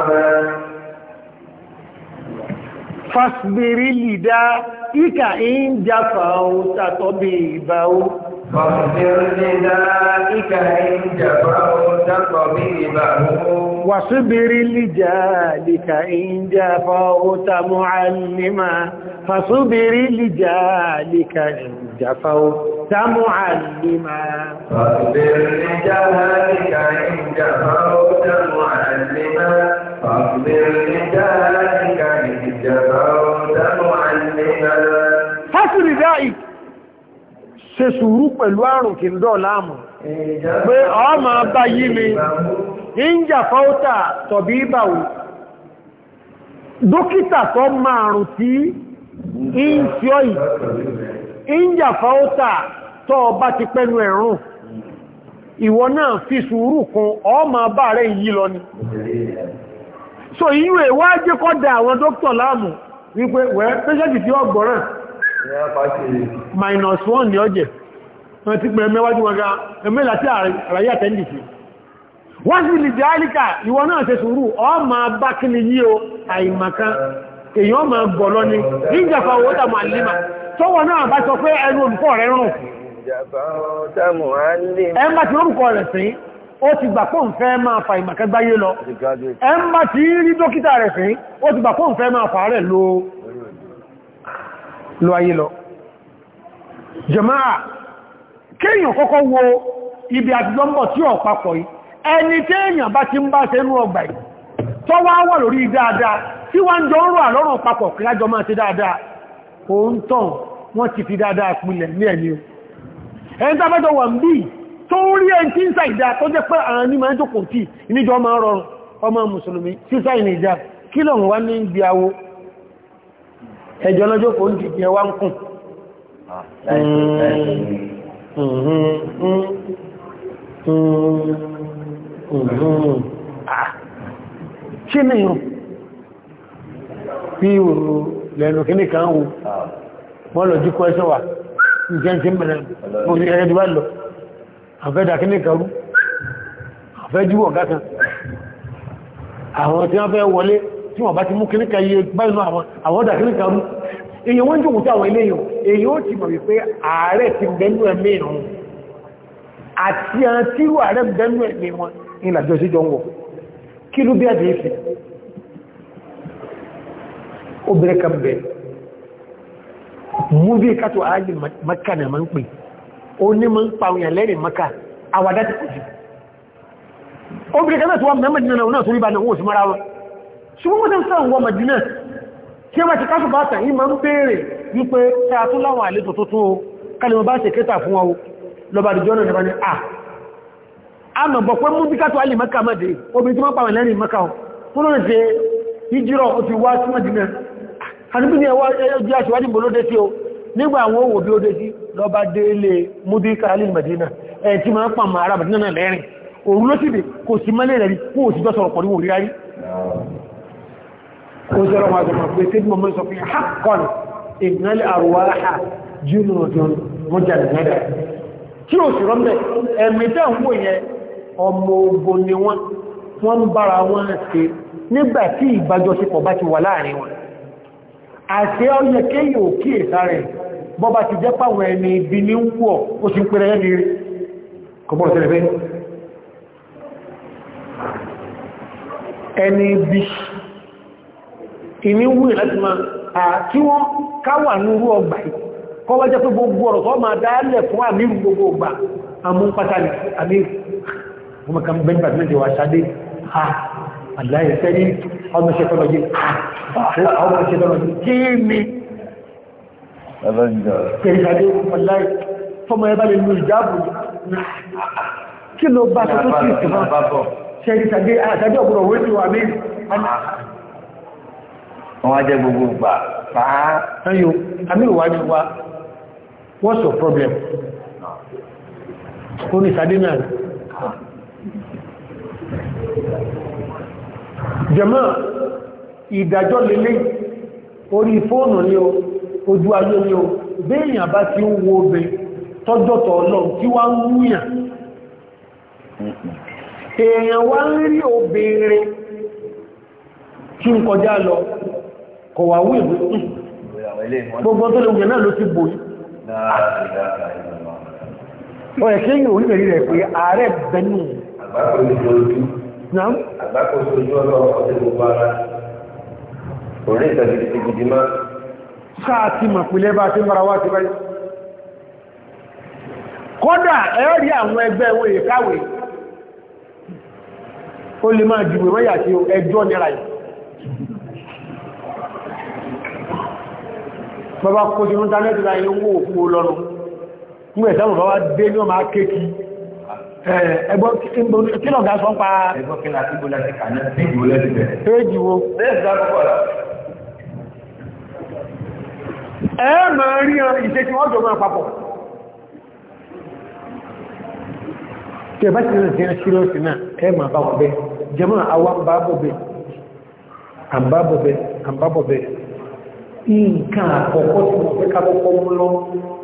Speaker 2: fasbiri lìdá ìkà ń jàfà ó tàtọ́bì ìbá ó. fasbiri lìdá
Speaker 1: ìkà ń jàfà ó tàtọ́bì ìbá ó.
Speaker 2: wasbiri lìjà ìkà ń jàfà ó tàmù
Speaker 1: متعلما فاصبر لجهلك عند فوت معلما فاصبر لجهلك عند فوت معلما
Speaker 2: حسر ذلك ṣe sùúrù pẹ̀lú àrùn kìí dọ̀láàmù
Speaker 1: pé ọmọ bá yí mi
Speaker 2: níjà fọ́ọ́tà tọ̀bí ìbàwò dókítà tó máa rùn tí ń ṣọ́ ì níjà fọ́ọ́tà tọ́ ọba ti pẹ́nu ẹ̀rùn ìwọ náà fi sùúrù kún ọmọ bá rẹ̀ yí lọ ni so inú èwọ́ ajé kọ́ da àwọn dókítọ̀ láàmú wípé wẹ́ pẹ́ṣẹ́jì tí ó minus one ni ọjẹ́ wọ́n ti pẹ̀rẹ̀ mẹ́wájú wọn ga ẹmẹ́lá tí àrayé àtẹ́ndì wọ́n sì lè jẹ́ àríkà ìwọ náà ṣe sùúrù ọmọ bá yí o èèyàn ọmọ ni níjàfà owó tàbí àlímà tọ́wọ́ náà bá ẹ ń bá ti orúkọ rẹ̀ sí ó ti gbà pọ́ ń fẹ́ máa fa ìmọ̀kẹ́gbáyé lọ ẹ ń bá ti rí dókítà rẹ̀ sí ó ti gbà pọ́ ń fẹ́ máa fa rẹ̀ lo ayé lọ jàmáà kéèyàn kọ́kọ́ wo ibi àtijọ́mbọ̀ tí ó papọ̀ yìí ẹni téèyàn bá ti ń bá se nú ọgbà yìí tó wá wà lórí dáadáa tí wá ń jọ ń rò àlọ́rùn papọ̀ kílájọ máa ṣe dáadáa òun tàn wọ́n ti fi dáadáa pinlẹ̀ ní ẹ̀mí ẹni tàbátọ wà ń bí tó rí ẹni tí ń sa ìdá tó jẹ́ pé àwọn ní máa jókòó tí níjọ máa rọrùn ọmọ mùsùlùmí sísá ìní ìjà kí lọ wá ní ibi awó ẹjọ́ lọ́jọ́kòó ń dìjẹ wá ń kùn kí ni ìrùn bí ìwòrò lẹ́nu kí ní kan wo wọ́n lọ jí kọ́ ẹṣọ́ wà nǹkan tí mẹ́rẹ̀ mo ní ẹ̀rẹ́ dubai lọ àfẹ́ dàkínlẹ̀ karú àfẹ́ jíwọ̀ gákan àwọn tí wọ́n fẹ́ wọlé tí wọ́n bá ti mú kíníkà yé báyìí náà àwọn dàkínlẹ̀ karú èyí wọ́n jòkútà àwọn ilé yìí èyí ó ti mọ̀ wípé ààrẹ ti bẹ̀lú ẹ̀mí ìrùn àti àwọn tíru ààrẹ bẹ̀lú ẹ̀mí wọn ìlàjọ́ sí jọ ń wọ̀ kí ló bí àdéhìsì obìnrin kan bẹ̀rẹ̀ mú bí kátó ààlè maka na máa ń pè ó ní máa ń pa àwọn èèyàn lẹ́rìn maka àwàdá ti kùsù obìnrin kan tó wà mẹ́mà dínà náà sórí bá náà wọ́n sí mara wọn ṣùgbọ́n wọ́n tán sáwọn wọ́n Madina tí wọ́n ti a mọ̀ bọ̀ pé mú bí kátó àlè maka mọ́dé obìnrin tí wọ́n pàwọn lẹ́rìn maka wọn ìjírọ̀ ó wá sí Madina àdúgbò ní ẹwà ẹjọ́ aṣíwájú bó ló dé sí o nígbà àwọn òwò bí ó dé sí lọ́bá délé múdíkà alìl madina ẹ̀ tí ma ń pàmà ara madina náà lẹ́rin òun ló síbẹ̀ kò sí mẹ́lẹ̀ rẹ̀ kó sì jọ sọ̀rọ̀ pọ̀ ní orí rárí kó sọ̀rọ̀ wọn àjọmọ̀ pé ni wọ́n nígbà tí ìbájọsípọ̀ bá ti wà láàrin wọn àṣẹ ọyẹ kéyì ò kí èsà rẹ̀ bọ́bá ti jẹ́ pàwọn ẹni ibi ní ń wọ̀ ó sì ń pèrè ẹni rí kọmọ̀ ìṣẹ̀lẹ̀ bẹ́ ẹni ibi ìní wù láti máa àti wọ́n káwà nírú ọgbà kọ́ wá jẹ́ pé gbogbo ọ̀rọ̀ tó máa dáálẹ̀ fún àmìrù gbogbo ọgbà amú pátálì àmìrù ọmọ kan bẹ́ẹ̀ Allah ya sani ọmọ ṣe tọ́lọ yìí ọmọ ṣe tọ́lọ yìí kí mi kẹrìkàdé ọláì fọ́mọ ẹbá lè lú ìjábù kí ló bá tó tó sí ìtùmọ̀ kẹrìkàdé àtàdé ọ̀gbọ̀rọ̀ wé tí wà mí wọ́n á jẹ́ gbogbo gbà pàá jẹ́mọ́ ìdájọ́ lélé orí fóònù ní o ojú ayé ní o béèyàn bá ti ń wo obìn tọ́jọ́tọ̀ ọlọ́run tí wá ń múyàn èèyàn wá ń rí obìnrin
Speaker 1: tí ń kọjá lọ kọ̀ wà wí gbogbo tó lè wùyàn náà ló ti bòyí
Speaker 2: ọ̀ẹ̀kẹ́yìn
Speaker 1: ààrẹ bẹnu Nàám. Àgbákòóso ojú ọ̀nà ọ̀dẹ gbogbo ara. Kò rí ìtàn gidi gidi máa.
Speaker 2: Sáà ti mọ̀ pínlẹ̀ bá ti mara wá ti báyìí. Kódà ẹ̀rọ rí àwọn ẹgbẹ́ ìwé ìkáwé. Ó lè máa jùwé wáyà sí ẹjọ́ nira yìí. Bàbá kò sí ní ìntánẹ́tì láyé owó òfin olọ́run. Mú ẹ̀sán bàbá wá dé ní ọmọ akéèkì ẹgbọ́n kí lọ ga sọ́n pa ẹgbọ́n kí láti bó láti kà náà sí ìwò lẹ́sì bẹ̀rẹ̀ péjì wo ẹ máa rí ìṣẹ́ tí wọ́n jọ máa papọ̀ tí ẹ bá ti rìn sí ṣírọ́sì náà ẹ máa bá wọ́n bẹ́ jẹ́mọ́ àwọn bá bọ̀ bẹ́ àmbábọ̀bẹ̀ àmbábọ̀bẹ̀ nǹkan àkọ́kọ́ tí wọ́n fẹ́ kákọ́kọ́ mú lọ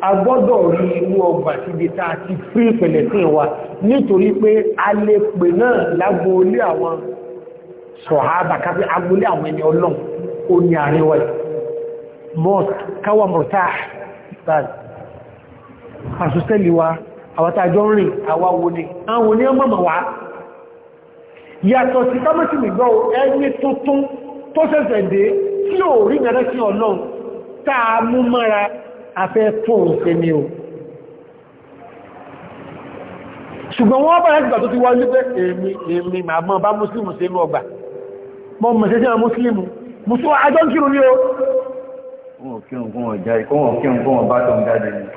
Speaker 2: a gbọ́dọ̀ rí inú ọgbà síbi tá a ti fí ìpẹ̀lẹ̀ sí wa nítorí pé a lè pè náà lágbóolé àwọn sọ̀hábà káfí agbóolé àwọn ẹni ọlọ́m ó ní àríwá mosque wa àwátájọ́ rìn àwá wo ni àwọn tó ṣẹ̀ṣẹ̀ dé tí ò rí nẹ́rẹ́ sí ọlọ́run táa mú mọ́ra afẹ́ fún òṣè ni o ṣùgbọ́n wọ́n bá láti gbà tó ti wá nípẹ́ èmi èmi màá mọ́ bá mùsùlùmù sí inú ọgbà mọ́ mọ̀ sí mùsùlùmù mùsùlùmù ajọ́ ń kírun ní o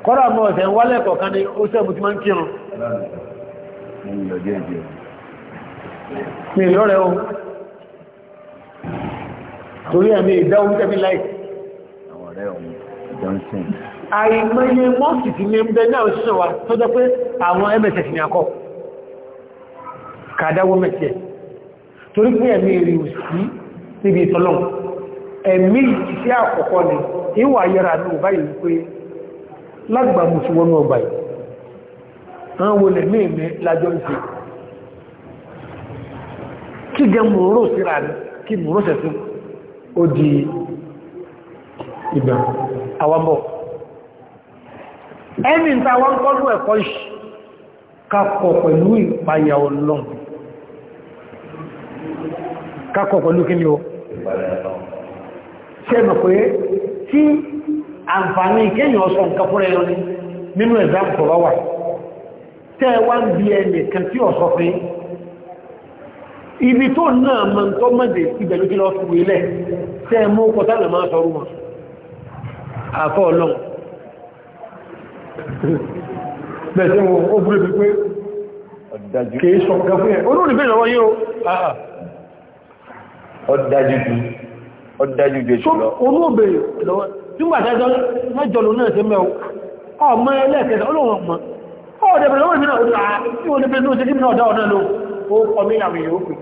Speaker 2: kọ́rọ̀ mọ́ ọ̀sẹ̀ ń wálẹ̀ kọ̀ọ̀kan ni ó sẹ́ mú ti máa ń kírun
Speaker 1: mi lọ́rẹ̀ o torí ẹ̀mí ìdáhùn tẹ́bí
Speaker 2: láì àwọn ọ̀rẹ́ ọ̀hún johnson àìmọye mọ́ọ̀sì ti ní ẹgbẹ́ náà ṣíṣọ́ wa tó jẹ́ pé àwọn mss ní akọ́ kàdáwó mẹ́tẹ̀ torí pé ẹ̀mí rí ò sí níbi ìtọ́lọ́n ẹ̀mí iṣẹ́ àkọ́kọ́ ni ìwà yẹra ní ọba ìlú pé lágbà mú sí wọnú ọba yìí wọ́n wo lẹ̀mí ìmẹ́ lájọ́ ń ó di ìgbà àwọ́bọ̀ ẹni ta wọ́n kọ́lù ẹ̀kọ́ ìṣì kakọ̀ pẹ̀lú ìpayà ọlọ́n kakọ̀ pẹ̀lú kí ni ó ṣẹ́mọ̀ pé tí àǹfààní kéyàn ọ̀sọ̀ nǹkan fúnra ẹ̀rọ ni nínú ẹ̀dá ibi tó náà mọ̀ tó mọ́dé ìbẹ̀lú kí lọ fún ilẹ̀ tẹ́ mú pọ̀tánà máa sọ rúmọ̀ àfọ́ ọlọ́run bẹ̀ẹ̀sẹ̀ wọn ó búrú bí pé
Speaker 1: kìí sọ kẹ fún ẹ̀ olóòrùn
Speaker 2: bẹ́ẹ̀ lọ́wọ́ yíó ah, ah.
Speaker 1: ọdájújú ọdájújú ṣùlọ olóòbè lọ́wọ́
Speaker 2: nígbàtẹ́jọ́ mẹ́jọ lónà ẹ̀sẹ̀ mẹ́ ọmọ ẹlẹ́ẹ̀kẹ́ta olóòrùn ọmọ ọ̀dẹ̀bẹ̀rẹ̀ lọ́wọ́ ìbínà ọdún àà tí ó ah, lè bẹ̀rẹ̀ lóòrùn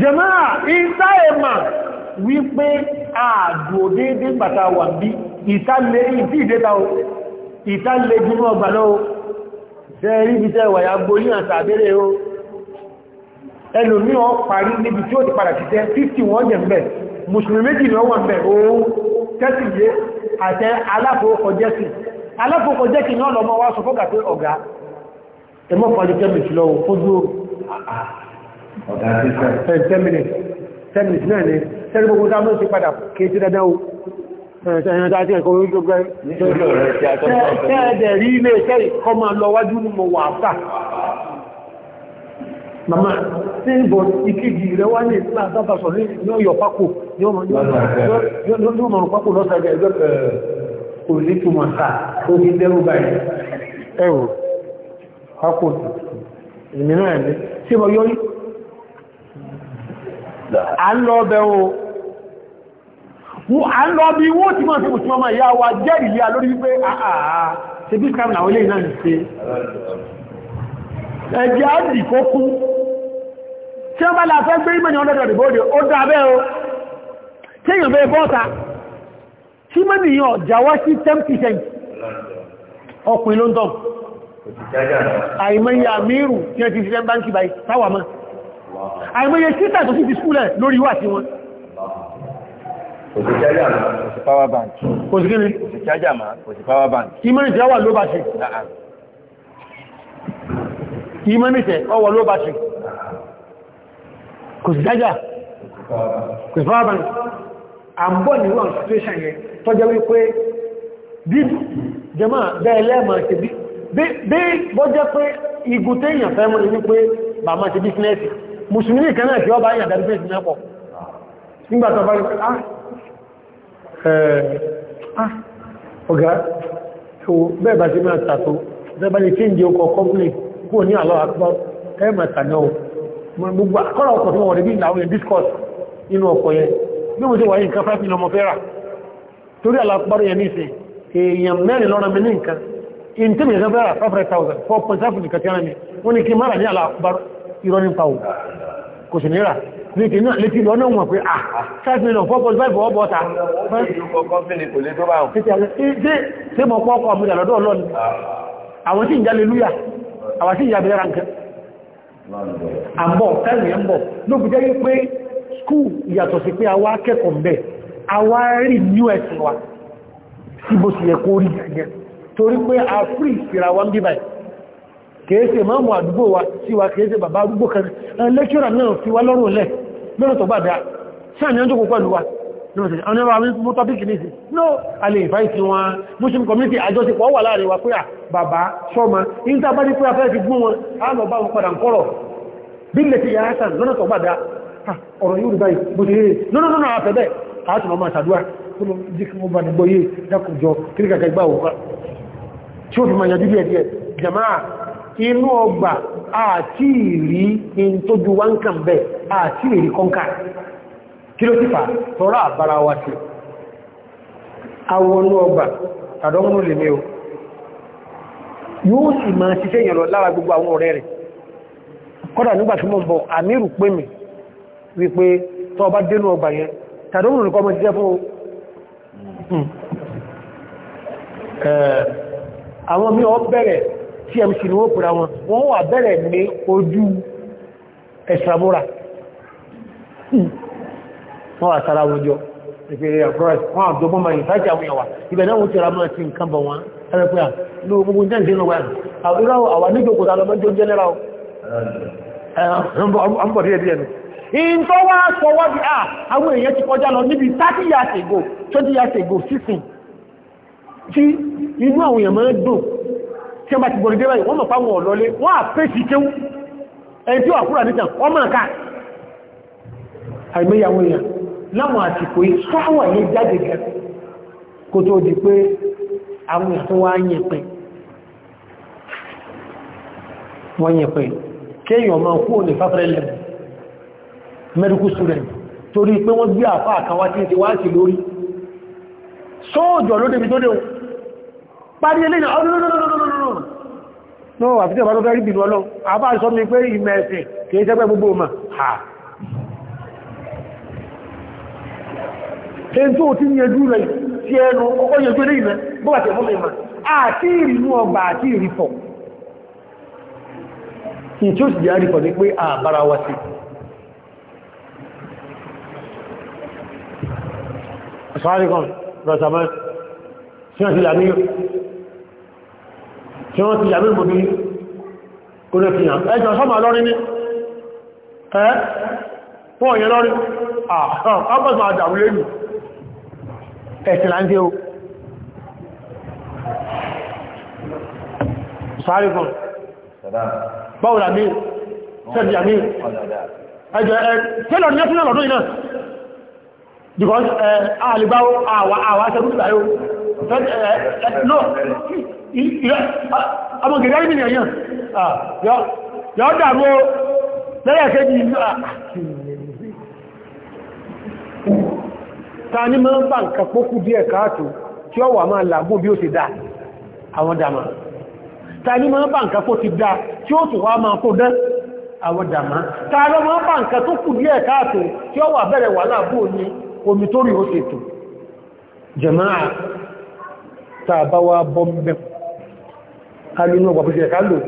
Speaker 2: jẹmáà ìta ẹ̀mà wípé ààdùn òdéédé gbàta wà bí ìtàlẹ̀ ìtì ìdẹ́ta o ìtàlẹ̀ gúnmọ́ ọgbà náà tẹ́rí bí tẹ́ wà ya gbolí àtàbẹ́rẹ́ o ẹlòmí ọ parí níbi tí ó ti padà títẹ́ 50 wọ́n jẹ̀ mẹ́ mùsùlùmí méjì lọ wà mẹ́ oó tẹ́sìlé àtẹ́ aláfòókọjẹ́sì aláfòókọjẹ́sì náà lọ mọ́ wá sọ fọ́gà pé ọ̀gá ẹmọ́
Speaker 3: ọ̀dá sí sẹ́
Speaker 2: ten minutes ten minutes náà ni sẹ́ni gbogbo sáàmù sí padà kéjì dandan o ẹ̀yàn tàbí ẹ̀kọ́ orí gbogbo ẹ̀ẹ́dẹ̀ rí ilé iṣẹ́ ìkọ́ máa lọ wájú ní mo wà áfà màmá tí ń bọ̀ ìkéjì rẹ̀ wá ní ìsìnlá àtàbàṣọ̀ ní ọyọ̀ pákó ní ọmọ pákó lọ́sàgbẹ̀ ẹgbẹ́ kò ní túnmọ̀ sáà tó fi dẹ́rù báyìí ẹ̀rù pákó ìmìnà ẹ̀mí tí mo yọrí à ń lọ ọbẹ̀ o à ń lọ bí wó tí máa fi mùsùn ọmọ ìyá wa jẹ́ ìlú alórí wípé àà ṣe bí kàrùn àwọn ilé náà ṣe ẹ̀jẹ̀ àdì kó kú tí ó bá láfẹ́ gbé ìmẹ́ni ọdọ́dọ̀ ìbòdè ó dá o tí èyàn bẹ́ bọ́ta tí mẹ́nìyàn jàwọ́ sí 10% ọkùnrin ló ń tọ́ àìmẹ́yà mírù tí àìmọye títà tó sì fi skúlẹ̀ lórí wà sí wọn kò sí chájà mà kò sí power bank kò sí kíni kò sí chájà mà power bank ìmọ̀ni tẹ́ wà ló bá ṣe ìmọ̀ni tẹ́ ọwọ́ ló bá ṣe kò sí chájà power bank àmbọ̀ ní wọ́n situation yẹn tọ́jẹ́ wípé bí jẹmọ́ bẹ́ẹ̀ lẹ́ẹ̀mọ̀ ṣe bí bọ́jẹ́ pé igun téèyàn fẹ́ mọ́ ní wípé bàmá ṣe business mùsùlùmí kan náà tí ó bá yàn dájú pé ìsinmi pọ̀ bá rí pé ah, ah ọ̀gá tó bẹ́ẹ̀ bá sí máa tàtó bẹ́ẹ̀bá lè kéǹdé ọkọ̀ kọ́gbìnì kúrò ní àlọ́ àkọ́ ẹ̀mà tànáà gbogbo akọ́rọ̀ ọkọ̀ tó wọ̀n rẹ̀ bí ìlàwọ̀ yẹn discos nínú ọkọ̀ yẹn bí mo ṣe wáyé nǹkan fáfí lọmọ fẹ́ra torí àlàkùbárò yẹn níṣẹ́ èèyàn mẹ́rin lọ́nà mi ní nǹkan in tí mi ṣe 5,000 4.7 nìkan tí wọ́n ní kí mara ní àlàkùbárò irọ́ nípa ò kò sì nira létí náà létí lọ náà wọ̀n pé ah, ah five million four point five ọwọ́ bọ́ta ṣe mọ̀ pọ́ ọkọ̀ ọmọdé lọ́dọ̀ ọlọ́ni ah, ah. àwọn tí ń jalè lúyà àwọn tí ń jà bẹ̀rẹ̀ ránkẹ́ àbọ̀ tẹ́lẹ̀ ń bọ̀ ló fi jẹ́ pé skúù ìyàtọ̀ sí pé a wá kẹ́kọ̀ọ́ mbẹ̀ a wá rí new ẹ̀sìn wa síbòsì ẹ̀kọ́ orí gẹ̀gẹ̀ torí a free ìfìràwọ́ ń kèése máàmù àdúgbò wa sí wa kèése bàbá àdúgbò kan náà fi wá lọ́rùn lẹ́ tó dá ọjọ́ wa ọ̀rọ̀ tí ó fi yàjú díẹ̀díẹ̀ jama'a inú ọgbà àti ìrí in tó ju wá ń kàn bẹ́ àti ìrí kọ́nkà kí ló ti tọ́rọ àbára wa ti lè mẹ́ o yóò sì máa ṣiṣẹ́ ìyànlọ lára gbogbo àwọn ọ̀rẹ́ rẹ̀ kọ́dà nígbàtí mọ́ bọ̀ àmírù pé mi wípé tọ́ dénú ọgbà yẹn tàdọ́mùnú lè hmm. mi ọ bẹ̀rẹ̀ tmc ni wọ́n pèrà wọn wọ́n wà bẹ̀rẹ̀ ní ojú ẹ̀sàmúra wọ́n wà sára wọn jọ ìpèrè àpúrẹ́sì wọ́n àjọgbọ́n ma ìfàájì àwọn ìyàwó ibẹ̀ náà wọ́n ti ra mọ́ ti nǹkan bọ̀ wọn ẹgbẹ́ ah, ló gbogbo jẹ́ ìdínú wà ní àwírọ̀ àwọn níjòkòtà lọ́mọjọ́ jẹ́nẹ́ra in tó wá sọwọ́ bí à ah, àwọn èèyàn ti kọjá lọ níbi 30 years ago 20 years ago sísìn tí inú àwọn èèyàn máa dùn tí wọ́n bá ti gbọ̀rìdé báyìí wọ́n mọ̀ fáwọn ọ̀lọ́lé wọ́n à kéwú ẹni tí wà fúra nìkan wọ́n máa ká àìmẹ́yàwó èèyàn láwọn àsìkò yìí sáwà jáde gẹ̀ kó tó di pé àwọn èèyàn wá yìn wọ́n yìn kéèyàn máa kú student náà wà fíjẹ̀ bá tó fẹ́rí bìnú ọlọ́run àbá sọ mi pé ìmẹ̀ ẹ̀sìn kìí ṣẹ́gbẹ́ gbogbo ma ha ẹn tó ti yẹjú rẹ̀ tí ẹnu ó yẹjú ní ìmẹ̀ bọ́gbàtẹ̀ fún mi ma àti ìrìnú ọgbà àti ìrìfọ̀ tí ó sì jẹ́ àrífọ̀ ní pé àbára wa sí tí wọ́n ti yàmí ìbòdó kò lè fi hàn ẹjọ́ sọ́mà lọ́rí ní ẹ́ fún ọ̀yẹ́ lọ́rí àpọ̀sùn àdàrú lẹ́nu ẹ̀sìn láńdé o
Speaker 1: sáré fún báwọn àmì sẹ́bí àmì ẹjọ́
Speaker 2: ẹ̀ tẹ́lọ̀ ní ẹ́sìn lọ́dún iná ọmọ gẹ̀rẹ́ ìbìnì ẹ̀yàn yọ́ dàrú ó lẹ́yẹ̀ kéjì ta ní mọ́ bá nǹkan pókú díẹ̀ káàtò tí ó wà máa làgún bí ó ti dá àwọn dàmà ta ní mọ́ bá nǹkan kó ti dá tí ó tún wá máa kó dán àwọn dàmà ta lọ mọ́ bá nǹkan tó kù díẹ̀ káàtò tí ó wà bẹ̀rẹ̀ wà láàbò ní omi tó rí ó ṣètò jẹ̀máà tàbáwà bọ́m̀bẹ̀kù alónú ọgbà pẹ̀sẹ̀ kálò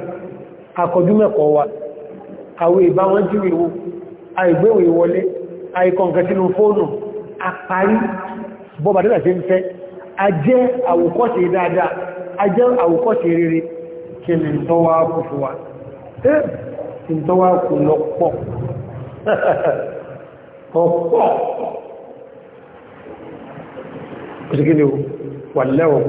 Speaker 2: akọjú mẹ́kọ̀ wa àwọn ìbá wọn jí ìwò àìgbéwò ìwọlé àìkọǹkẹ́ fóònù àparí bọ́bà dẹ́dà sí ń fẹ́ ajẹ́ àwòkọ́ṣe dáadáa ajẹ́ àwòkọ́ṣe rere kí ni tọ́wà kù fún wa ẹ́ tọ́wà lọ pọ̀ ọ̀pọ̀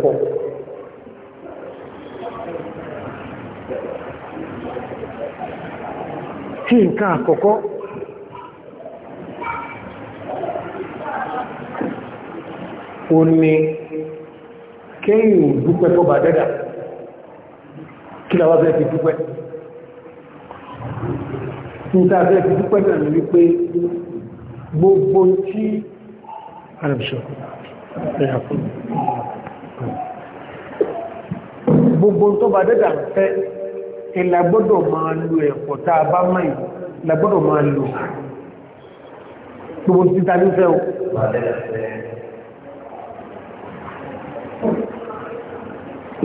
Speaker 2: kí nǹkan àkọ́kọ́ ó ní kéyìn dúpẹ́ tó bá dẹ́dà kí la wá fẹ́ fi dúpẹ́ níta fẹ́ fi dúpẹ́ náà ní wípé gbogbo tí àrẹ̀bṣọ́ ẹ̀yà fún gbogbo tó bá dẹ́dà fẹ́ ìlà gbọ́dọ̀ máa lo ẹ̀kọ́ tá a bá máa yìí ìlà gbọ́dọ̀ máa lo gbogbo títa ní fẹ́ o.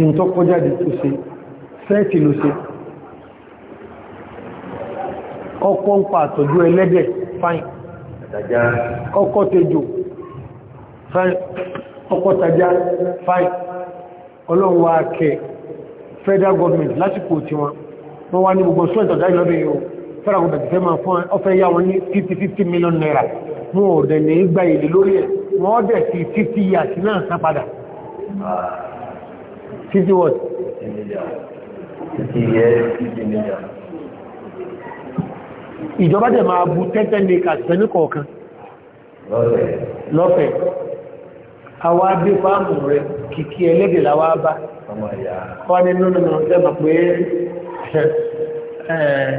Speaker 2: ìntọ́ kọjáde tó ṣe fẹ́ẹ̀tì ló ṣe ọkọ̀ ń pa àtọ̀jú ẹlẹ́dẹ̀ fáìn ọkọ̀ tẹjò fáìn ọkọ̀ tajá fáìn ọlọ́run wa kẹ̀ẹ́ federal government lásìkò tí wọn wọ́n wá ní gbogbo sọ́ọ̀tì ọ̀dá ìlọ́bẹ̀ yóò federal government fẹ́ máa fún ọfẹ́ yá wọn ní 50-50 million naira wọn ò dẹ̀ ní gba èlé lórí ẹ̀ wọ́n dẹ̀ sí 50 years náà sá padà
Speaker 1: 50 what? 50 years 50 million
Speaker 2: ìjọba dẹ̀ máa bu 10 10 acres pẹ̀lú kọ̀ọ̀kan lọ́fẹ̀ẹ́ àwọn adé fáàmù
Speaker 1: rẹ̀ kìkì ẹlẹ́dẹ̀ láwá bá wọ́n ni nínú nínú tẹ́mà pé eh,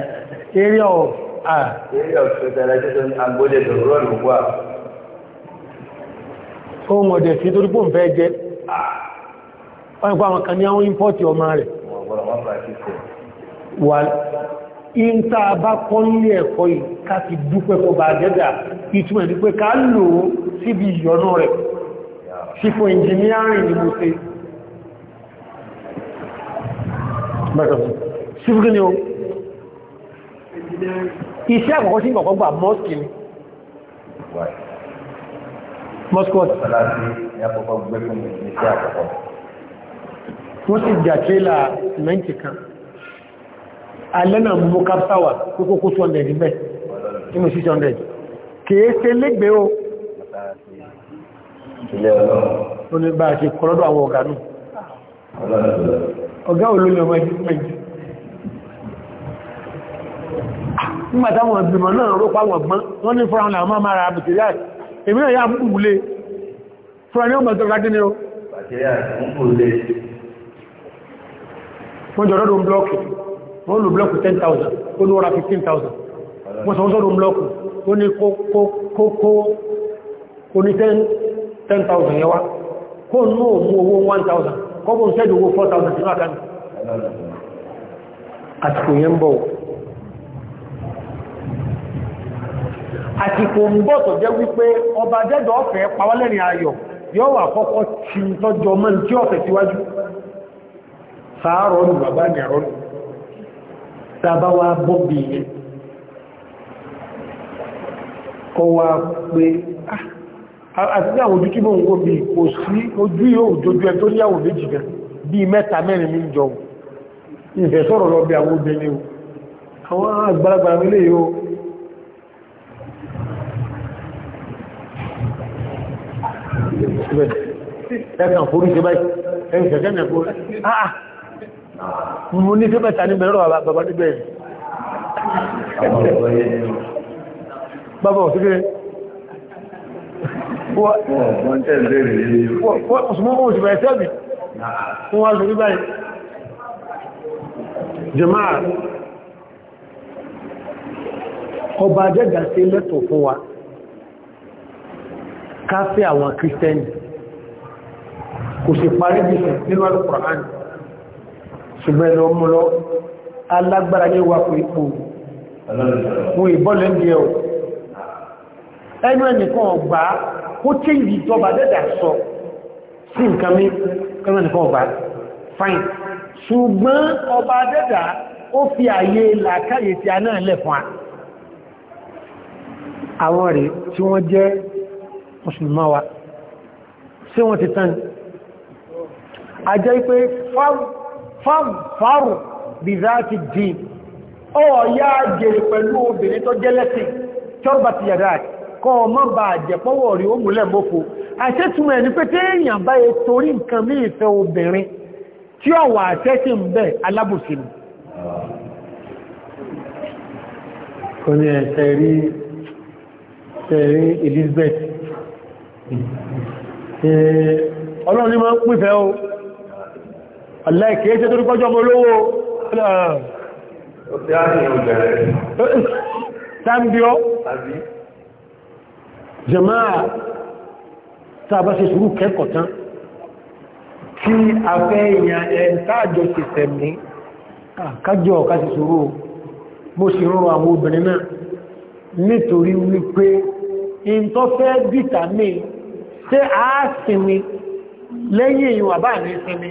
Speaker 1: area of ah area of specialization agbóde tó rọ́ọ̀lù wà
Speaker 2: ohun ọ̀dẹ̀ sí torí pò ń fẹ́ jẹ́ wọ́n ah. ni pé àwọn kan ní àwọn import ọmọ rẹ̀ wà ń tá a bá kọ́ nílé ẹ̀kọ́ yìí ká ti bá jẹ́dà ìtumẹ̀ ní pé ká lò síbi ìyọnú rẹ̀ ṣífò engineering ni mo ṣe ṣífò kí ni o iṣẹ́ àkọ́kọ́ sí ìkọ̀kọ́ gbà mọ́sí ni mọ́síkọ́tì wọ́n sì jà tírélà mẹ́ntì kan alẹ́nà mú kápsáwà kókó 200 níbẹ̀ nínú 600 kèé se lẹ́gbẹ̀ẹ́ o
Speaker 1: ilé ọlọ́run
Speaker 2: ó ní bá a ṣe kọ́lọ́dọ̀ àwọn ọ̀gá náà ọ̀gá olóyè ọmọ ẹgbẹ́ méjì nígbà táwọn ìgbìmọ̀ náà ró pàwọn gbọ́n wọ́n ní fúnra àwọn máa mara bàtíríàtì èmi náà yá mú wùlé fúnra ní ọmọ ìjọba gíní o wọ́n jọ rọ́dùn blọ́ọ̀kì wọ́n lò blọ́ọ̀kì 10,000 ó ní wọ́ra 15,000 wọ́n sọ wọ́n sọ́dùn blọ́ọ̀kì ó ní kó ní 10 10,000 yawa kó ní òun owó 1,000 kọ́bọ̀ ń tẹ́jọ owó 4,000 sínú àkánì àtìkò yẹn bọ̀ kò ń bọ̀ tó jẹ́ wípé ọba jẹ́dọ̀ ọ̀fẹ́ pàwálẹ́rin ayọ̀ yóò wà kọ́kọ́ tí tọ́jọ mọ́ tí ọ̀fẹ́ tíwájú sáàrọ̀ nù bàbá wa bọ́bì ah àti àwọn ojú kíbò ń gbò bí kò sí ojú yóò jojú ẹ tó níyàwó méjì gan bí mẹ́ta mẹ́rin ní jọ ìfẹ́ sọ̀rọ̀ lọ bí àwọn obìnrin o àwọn àgbàlagbà nílé yóò
Speaker 1: ẹ̀kàn forí ṣe báyìí ẹ̀yìn ṣẹ̀kẹ́ ní ẹ̀kọ́
Speaker 2: ah, ah
Speaker 1: mo ní ṣe mẹ́ta ní mẹ́rọ bàbá níbẹ̀ bàbá òsìkẹ́ wọ́n tẹ̀lé rẹ̀ ọ̀sùnmọ́
Speaker 2: oṣù bẹ̀rẹ̀ tẹ́bì fún wá lórí báyìí jẹmáà ọba jẹ́gà sí lẹ́tọ̀ fún wa ká sí àwọn kírísítẹ́nì kò sì parí bí nínú alùpùrán ṣùgbọ́n ẹ̀lọ mú lọ alágbára ní wà fún ipò fún ìbọ́lẹ̀ ń ẹnu ẹnìkan ọgbà ó tí ìdí ìjọba dẹ́dà sọ sí nǹkan mi ẹnu ẹnìkan ọgbà fine ṣùgbọ́n ọba dẹ́dà ó fi àyè làkáyè tí a náà lẹ̀ fún àwọn rẹ̀ tí wọ́n jẹ́ mùsùlùmá wa sí wọ́n ti tán a jẹ́ pé fáàrù bí záàtì dì ọ̀ yá jẹ́ pẹ̀lú obìnrin tó jẹ́ lẹ́sìn tọ́rbàtì yàdáàkì kọ́ ọmọ bá àjẹ̀pọ́wọ̀ rí ó múlẹ̀ mọ́fò àṣẹ́tùmọ̀ ẹni pé tí èèyàn bá yẹ torí nǹkan mí ìfẹ́ obìnrin tí ó wà àṣẹ́sì ń bẹ̀ alábòsí ni kò ní ẹ̀ṣẹ̀ rí ṣẹ̀rí Elizabeth ọlọ́run ní máa ń pínfẹ́ o aláìkèé ṣe tó jẹmáà tàbá ṣe sùúrù kẹ́kọ̀ọ́ tán tí a fẹ́ ìyàn ẹ̀ntàjọ ṣe tẹ̀mí àkájọ ọ̀ká ṣe sùúrù mo sì rọrọ àwọn obìnrin náà nítorí wípé in tó fẹ́ dìtà mí tẹ́ a sinmi lẹ́yìn èyàn àbá ní sinmi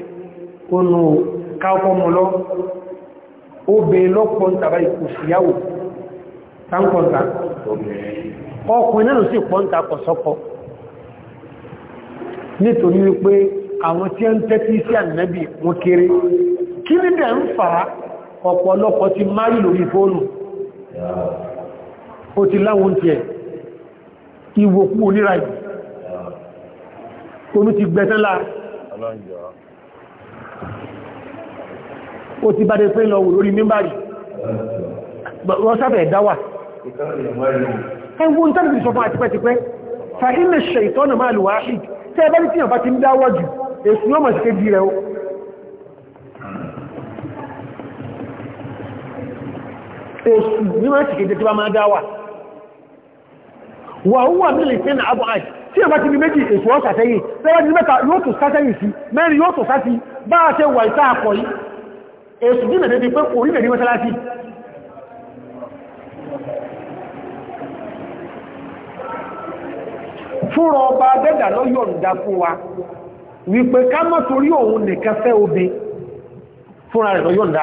Speaker 2: onú káọkọmọlọ́ obè lọ́pọ̀ tàbá ìkùsìyàwó táǹkọ̀ta ọkùnrin náà sì pọ́ ń takọ̀ sọ́kọ́ nítorí wípé àwọn tí ó ń tẹ́tí sí ànábì wọn kéré kí ní dẹ̀ ń fà ọ̀pọ̀lọpọ̀ ti márì lórí fóònù ó ti láwọn tí ẹ̀ ìwòkú oníra yìí olú ti gbẹ̀tán láà ó ti bá dé pé lọ wò lórí mímbàrí wọ́n sábẹ̀ dáwà ẹwọ ìtàbí sọ fún àtipẹ́tipẹ́ fàílẹ̀ ṣe ìtọ́nà máa lò wáṣìd tẹ́ ẹbẹ́ ní tíyàn bá ti ń dáwọ́ jù èsùn yóò mọ̀ sí kéjì rẹ̀ o èsùn ní máa sì kéjì tí wá máa dáwà wà ó wà mílì tí tíyàn bá ti ní méjì èsùn ọ́ sàtẹ́yìn tẹ́wọ́ ní mẹ́ta yóò tó sátẹ́yìn sí mẹ́rin yóò tó sátí bá a ṣe wà ìta àkọ̀ yìí èsùn dínà débi pé orílẹ̀-èdè mẹ́sálásí fúnra ọba abẹ́dà ló yọ̀ǹda fún wa wípé ká mọ́ torí òun nìkan fẹ́ obi fúnra rẹ̀ ló yọ̀ǹda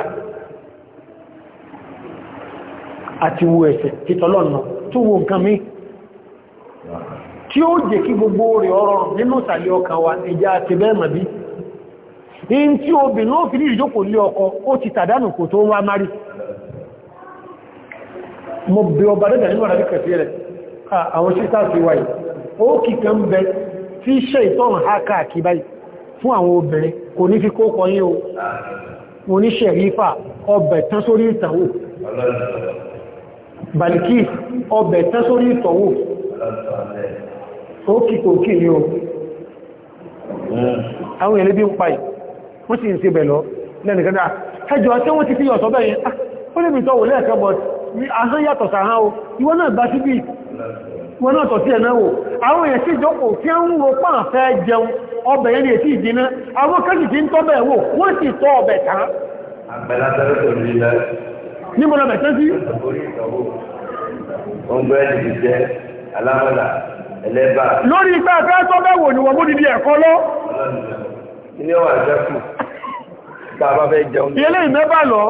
Speaker 2: àti wo ẹ̀sẹ̀ títọ́lọ́nà tó wo nǹkan mi tí ó jẹ́ kí gbogbo rẹ̀ ọ̀rọ̀ nínú ìsàlẹ̀ ọkà wa ẹja àti bí in tí obìnrin fi ní ìjókò ọkọ ó ti tàdánù kò tó wá mo bí ọba nínú sí rẹ̀ àwọn sí wáyìí ókì kan bẹ tí ṣe ìtọ́nà ha káàkì báyìí fún àwọn obìnrin kò ní fi kó kọyín o onise ní ṣẹ̀rífà ọbẹ̀ tán sórí ìtàwó bàlìkì ọbẹ̀ tán sórí ìtọ̀wó ókì kò kì ní o àwọn elebi bí ń pa ì wọ́n sì ń ṣe bẹ̀ lọ lẹ́nìkan dáa ti fi ọ̀tọ́ bẹ́yẹn ah, ó lè bí tọ́wò lẹ́ẹ̀kẹ́ bọ̀ ahán yàtọ̀ sàhán o ìwọ́n náà gbá wọn náà tọ̀ sí ẹ̀nà wò àwọn èèyàn sí ìjọpọ̀ tí a ń ro pàà fẹ́ jẹun ọbẹ̀ yẹn ni èsì ìdínà àwọn kẹ́sì tí ń tọ́bẹ̀ wò wọ́n sì tọ́ ọbẹ̀ tán lórí ìgbà fẹ́ tọ́bẹ̀ wò ni wọ́n mú níbi ẹ̀kọ́ lọ ilé ìmẹ́bà lọ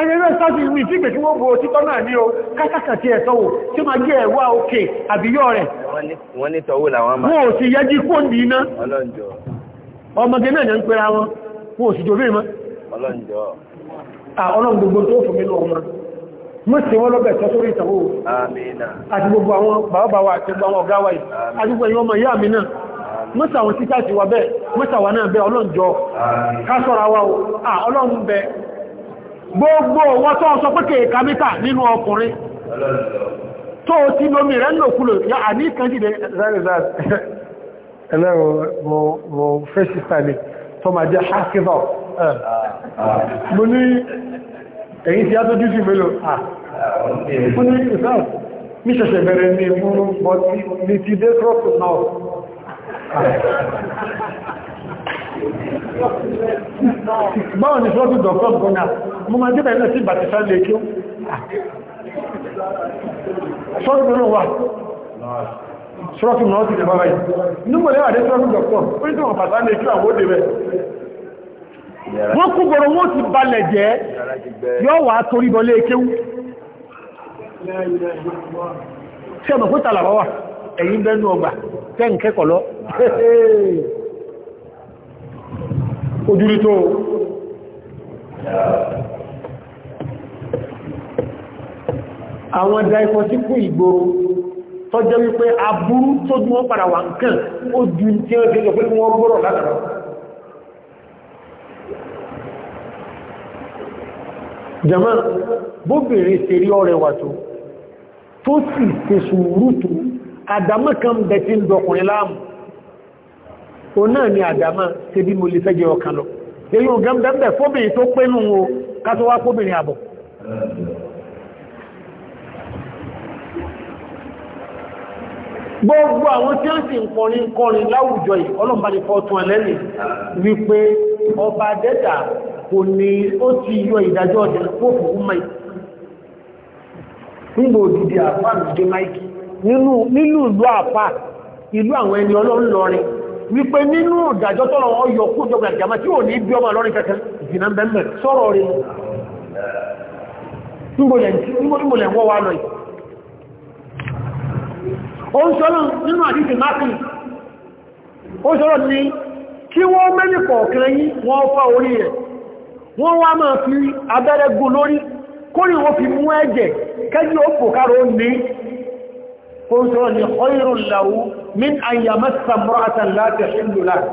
Speaker 2: ẹgbẹ̀rẹ̀ sọ́sí ìwé ìfígbè tí wọ́n bú òtítọ́ náà ní o kátàkàtí ẹ̀tọ́wò tí ó jẹ́ ẹ̀wà òkè àbíyọ́ rẹ̀
Speaker 1: wọ́n ní tọ́wò làwọn máa wọ́n
Speaker 2: ò iná ọmọdé náà pẹ́ra wọn wọ́n ò ọmọ sí wọ́n lọ́bẹ̀ gbogbo ọmọ mọ́sà àwọn títà ti wà bẹ́ẹ̀ mọ́sà wà náà gbogbo wọn tó sọ pé kèèkà mítà nínú ọkùnrin tó tí lómi rẹ̀ lòkulò ya àní kan jìdẹ̀ ẹlẹ́rọ mo fẹ́ sísà ní tó máa jẹ́ hákìbọ̀ mo ní èyí tí a tó jú sí mélòó mo ní ìsáà mi ṣẹ̀ṣẹ̀ bẹ̀rẹ̀ ní mú bọ́ ní ti dé trọ́pù báwọn ni fọ́tù dọ̀kọ́ gọ́nà mọ́ máa jẹ́bẹ̀ẹ́ lọ sí bàtìsá lè kí ó sọ́tù náà wà sọ́tù náà ti lẹ́bàá báyìí nígbò lẹ́wà dé sọ́tù dọ̀kọ́ ó ní tí wọ́n lè kí wọ́n wọ́n ti balẹ̀ jẹ́ yọ́ wà torí bọ́ lé ojúrí tó àwọn dáikọ̀ tí kú ìgboro tó jẹ́ wípé aburú tó dúnwọ́ padà wà nǹkan ó ju tí ó jẹ́ pé wọ́n gbọ́rọ̀ látara jama bóbìnrin sèrí ọ̀rẹ́ wà tó tó sì tẹ̀sùn rútù àdámọ́ kan bẹ̀ tí ń dọkùnrin láàmù o náà ni àdámá ṣe bí mo lè fẹ́ jẹ lọ èyí ò fóbìnrin tó pénú o kátó wá fóbìnrin àbọ̀ gbogbo àwọn tí ó sì ń kọrin kọrin láwùjọ yìí fọ́tún ẹlẹ́nì ọba dẹ́ta kò ní ó ti yọ ìdájọ́ ọ̀dẹ̀ fóòfù nígbò òdìdí àpá nínú ìlú àpá ìlú àwọn ẹni ọlọ́run lọrin wípé nínú ìdájọ́ tọ́lọ̀ ọyọ kú jọba ìjàmá tí ò ní bí ọmọ lọ́rin kẹkẹ ìdìnà bẹ́ẹ̀ sọ̀rọ̀ rẹ̀ nígbòlẹ̀ wọ́ lọ yìí o ń sọ́lọ́ nínú àdíjì mákìlì o sọ́rọ̀ ní kí wọ́n mẹ́rin kọ̀ọ̀kẹ́rẹ́ yí wọ́n fá orí rẹ̀ wọ́n wá máa fi abẹ́rẹ́ lórí kó wọ́n fi mú ẹ̀jẹ̀ kẹ́jì ó pò káró ní kóńtọ́ni khairun lahu min an yamassa imra'atan la tahillu lahu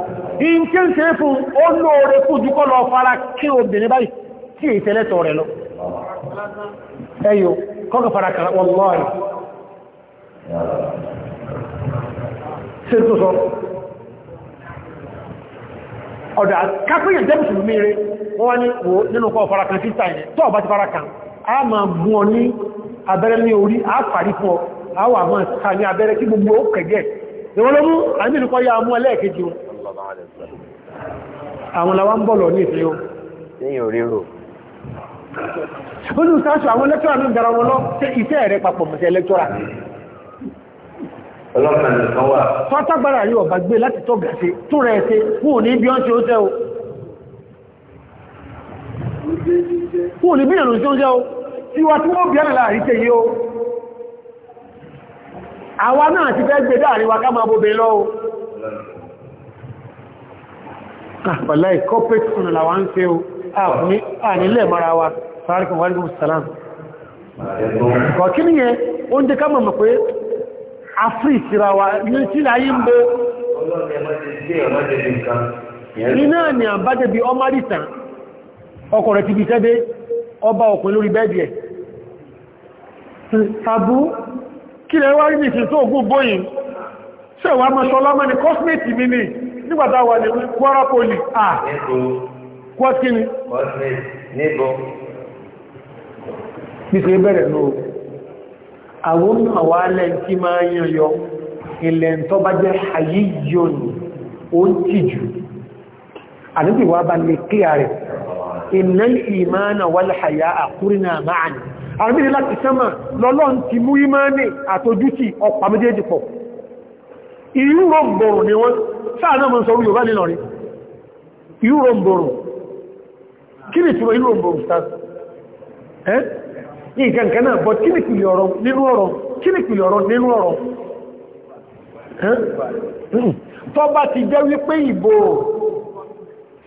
Speaker 2: in kí n ṣe fún ó lóore fún jùkọ́ lọ fara kí obìnrin báyìí tí è tẹ́lẹ́tọ̀ rẹ̀ lọ
Speaker 3: ẹyọ kọ́kọ́ fara kàrà wallahi
Speaker 2: ṣe tó sọ ọ̀dà kápẹ́yẹ̀ jẹ́ mùsùlùmí rẹ̀ wọ́n ní wo nínú kọ́ fara kan sí tàìyẹ tó ọba ti fara kan a máa gún ọ ní abẹ́rẹ́ ní orí a fàrí fún ọ àwà mọ́ ká ní abẹ́rẹ́ kí gbogbo ó kẹ̀gẹ́ ìwọ́n ló mú àmìnìkọ́ ya mú ẹlẹ́ẹ̀kejì wọn
Speaker 1: àwọn làwọn ń bọ̀ lọ ní ìfẹ́ o
Speaker 2: ó ní sáṣọ àwọn lẹ́tọ́rà ní ìdára wọn lọ sí iṣẹ́ rẹ̀ papọ̀ mọ̀sẹ̀ lẹ́tọ́rà tọ́tàgbára yóò bá gbé láti tọ́gà sí tó rẹ̀ ṣe fún òní bí ọ́n ṣe ó tẹ́ o fún òní bí ẹ̀rùn ṣe tí wá tí wọ́n bí ẹ̀rùn láàrín tẹ́ yìí o àwa náà ti fẹ́ gbé dáàrin wa ká máa bóbe ah, fún ń fẹ́ o ànílẹ̀ ah, ah, mara wa sáàrùkùn wàrígùn salam ní ká pé wa ní tí láyé ń bó iná ni àbájẹ́bí ọmọdìtàn ọkọ̀ ti bí ọba lórí kí lẹ wá rí ní ìsìn tó ògùn bóyìn ṣẹ̀wà mọ́ṣọ́lá mẹ́ni cosmate mi ní nígbàtà wà ní Kwara Poli à kwọ́síní níbo ìṣẹ́ bẹ̀rẹ̀ ló àwọn àwọn alẹ́ tí máa yanyọ ilẹ̀ tó bá jẹ́ àyíyàn àdúgbìwà bá lè kíyà rẹ̀ ìnáyì ìmáà náà wal hayaa àkúrínà máà ní àmìrí láti sánmà lọ́lọ́n ti mú ìmáni àtójútì ọpa méjèèjì pọ̀ ìrúrò gbòrùn ni wọ́n sáà náà mọ́ sọ orí Yorùbá nínú rí ìrúrò gbòrùn kí ni túnmọ̀ ìrúrò gbòrùn stars ẹ́ ní ìkẹ́kẹ́ náà bọ́ kí ni pìlì ọ̀rọ̀ nínú ọ̀rọ̀ kí ni pìlì ọ̀rọ̀ nínú ọ̀rọ̀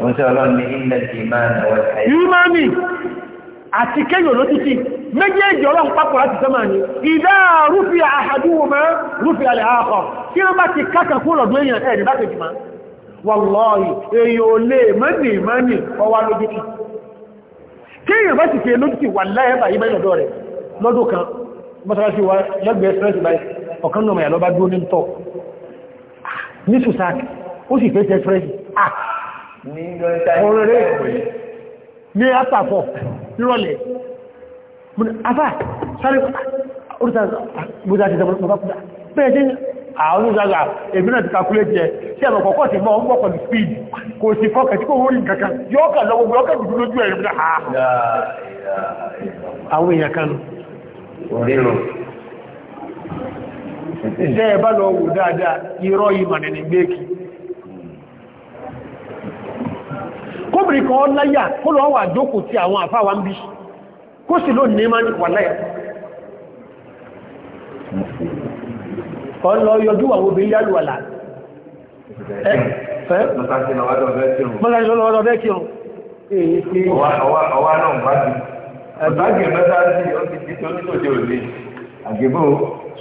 Speaker 1: Oúnjẹ ọlọ́run ní ilẹ̀ ìmáàni wọ́n ṣáyé.
Speaker 2: Ìmáàni àti kéyò ló títí, méjèèjì ọlọ́run papọ̀ láti sọ́mà ní. Ìdá rúfì àhàdúwò mẹ́ rúfì alẹ̀ àkọ̀. Kí wọ́n bá ti kákà kúrò lọ́dún èèyàn ẹ̀ nígbà kejì máa. Wàlọ́ọ̀yì, èèyàn ò lè mẹ́ni ìmáàni ọwá lójútì. Kéèyàn bá ti fi lójútì wà ah, ó sì fẹ́ Express.
Speaker 1: Ah! ọ̀rẹ́rẹ́
Speaker 2: ní àtàfọ̀ nírọ̀lẹ̀ afá sáré orítàgbójá ti sẹ́mọ̀ pàpàpàá bẹ́ẹ̀ tí àwọn òṣàgbà èmì náà ti kàkúlé jẹ tí ẹ̀mọ̀ kọ̀kọ́ ti mọ́ ń gbọ́kọ̀ ní speed kò sí kọ́kẹ̀ tí kò wórí kankan yóò kà lọ gbogbo ọkẹ̀ dúdú lójú ẹ̀rẹ̀ àwọn èèyàn kan tẹ́ ẹ bá lọ wò dáadáa irọ́ ìmọ̀ nìgbèkì kóbìnrin kan láyà kó lọ wà jókòó tí àwọn àfáwà ń bí kó sì ló ní máa wà láyà kan lọ yọjú àwọn obìnrin yálù àlà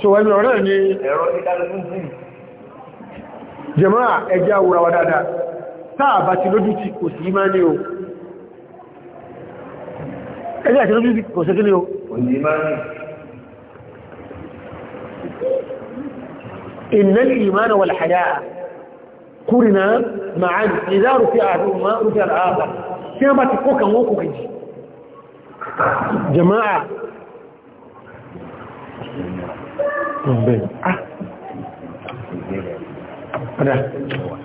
Speaker 2: Ṣòwẹ́lú
Speaker 1: ọ̀rẹ́ ni ẹ̀rọ ìdálẹ́fún sí.
Speaker 2: Jẹ̀mọ́ ẹjá wùra wa dáadáa táà bá ti lójú ti kò sí máa ní o ẹni àti lójú ti kò sí kí ní o innal imana wal hayaa kúrìnà ma'an ìdá rufi àdúgbà rufi al'adà tí wọ́n bá ti kókàn wọ́n kò kejì jama'a لا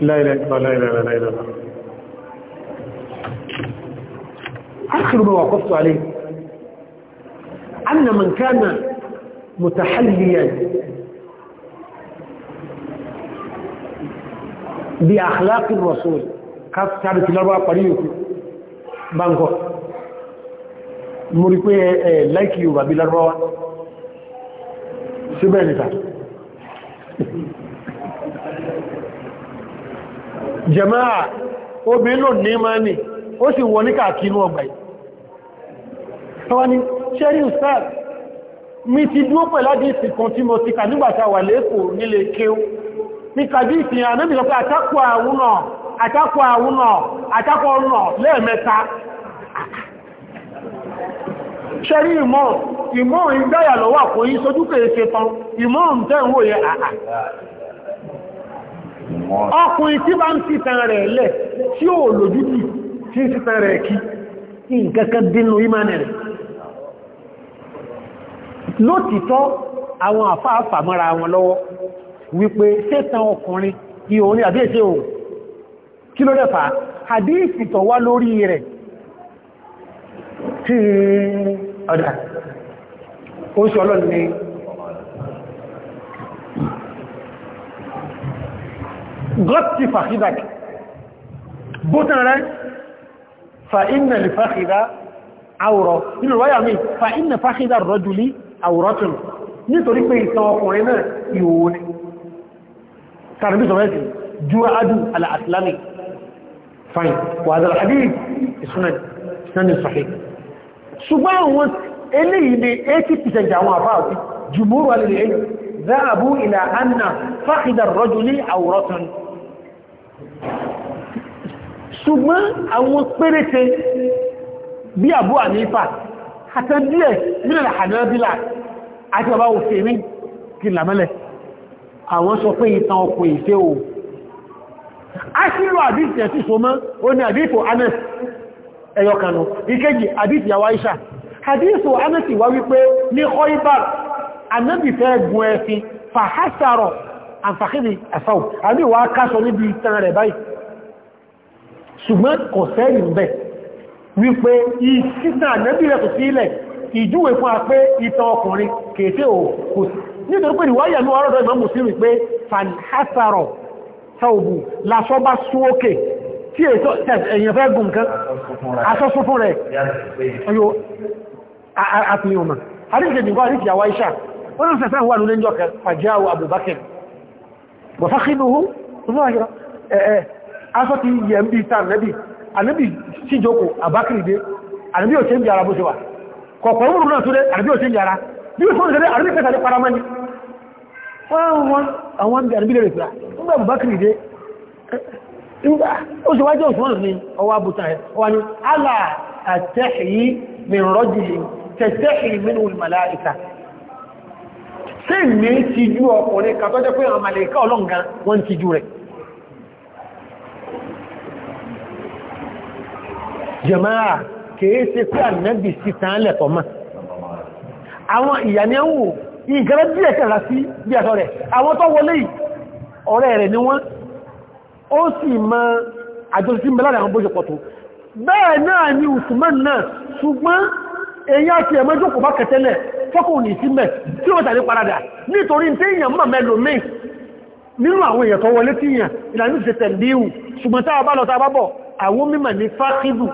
Speaker 2: إله إلا الله لا إله إلا الله آخر ما وقفت عليه أن من كان متحليا بأخلاق الرسول كيف كانت الأربعة قريبك بانكو مريكو إيه، إيه، لايك يوبا بالأربعة سبحانه jẹmáà obìnrin lò ní máa nì ó sì wọ ní ọgbà tọ́wọ́ ni sherry ustaz mi ti dúó pẹ̀lá dìsì kan tí mo ti kà nígbàtà wà lẹ́kọ̀ọ́ nílé kéw ní kàdíìsì anábìsọpẹ́ àtakọ̀ àwúnà àwúnà ọkùnrin tí bá ń sítan rẹ̀ lẹ̀ tí ó lójútì tí sítan rẹ̀ kí nǹkankan dínú ìmánì rẹ̀ lótìtọ́ àwọn àfáàfà mọ́ra wọn lọ́wọ́ wípé sétan ọkùnrin ihò ní àbí èsè òun kí ló dẹ̀fà àdíìsì tọ̀ wá lórí rẹ̀ tí ọ̀dà ó ọlọ́ni غطي فخذك بوتنا فإن الفخذ عورة إنه الواية عمي فإن فخذ الرجل عورة نتوري في سواقورنا يون سنبي سبحانه جوع عدو على أسلامي فاين وهذا الحديث يسخن سنن صحيح سبحانه وانت إليه من أكي تسجع وعفاوتي جمهور والإلعين ذعبوا إلى أن فخذ الرجل عورة ṣùgbọ́n àwọn péréte bí Abu Hanifa àtẹ́díẹ̀ mílẹ̀ Hanabila àti bàbá òfèmí kí làmẹ́lẹ̀ àwọn sọ pé ìtàn ọkọ̀ ìfẹ́ o a sílò àdíjẹ̀ sí so mọ́ o ní àdíjò Anas ẹyọkanu ìkejì àdíjì àwá Aisha àdíjò Anas wá wípé ní Khaybar àǹfàkìdì àfáù àbí wà kásọ níbi ìtàn rẹ̀ báyìí ṣùgbọ́n kò sẹ́rì ń bẹ̀ wípé ìsìtàn ànẹ́bí rẹ̀ kò sílẹ̀ ìjúwe fún apé ìtàn ọkùnrin kèfé ò kò sí nítorí pé ìwáyà ní ọ̀rọ̀ ìmọ̀ mùsùlùmí pé fanhasarọ̀ tàbù lásọ́ bá súnókè tí èyàn fẹ́ gùn kan asọ́sún fún rẹ̀ ọyọ́ àfihàn àríkèdìgbà àríkèdìyàwó Aisha wọ́n wọ̀fákìlúhú ọ̀sọ́wàṣírá ẹ̀ẹ́ aṣọ́ ti yẹ̀ ń bí ìta nẹ́bí ànẹ́bí síjọ́kù àbákìrìdé ànẹ́bí ò ṣe ń yàrá bó ṣe wà kọ̀kọ̀rún náà tó dé ànẹ́bí ò ṣe ń yàrá bí ó sọ́rọ̀ ṣẹlẹ̀ ànẹ́bí kẹta lè para mẹ́ni wọ́n àwọn ànẹ́bí lè rèpìlá nígbà àbákìrìdé ó tí mi ti jú ọkùnrin kan tó jẹ́ pé àwọn màlẹ̀ká ọlọ́ngan wọ́n ti jú rẹ̀ jẹmáà kìí ṣe pé ànábì sí tàn lẹ̀tọ̀ mọ́ àwọn ìyà ni ẹ̀wò ìgẹ́rẹ́ díẹ̀ kẹ́rà sí bí ẹ̀sọ́ rẹ̀ àwọn tó wọlé ọ̀rẹ́ rẹ̀ ni wọ́n ó sì mọ àjọsí mẹ́lára àwọn bóṣepọ̀ tó bẹ́ẹ̀ náà ni Usman náà ṣùgbọ́n èyí àti ẹ̀mọ́jókòó kẹtẹ́lẹ̀ tọ́kọ̀ ní símẹ̀ tí ó tàbí paradà nítorí tí èyàn mọ̀ mẹ́lò míì nínú àwọn èèyàn tó wọlé tí èyàn ìlànà ìṣẹ́ tẹ̀lú ṣùgbọ́n tá a bá lọ tá a bá bọ̀ àwọn mímọ̀ ní fákìdù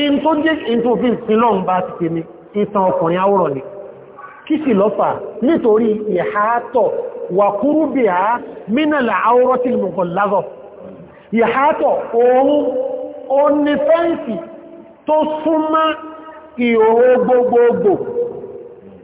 Speaker 2: in tó jẹ́ in tó fi ìsinlọ́run gbogbogbò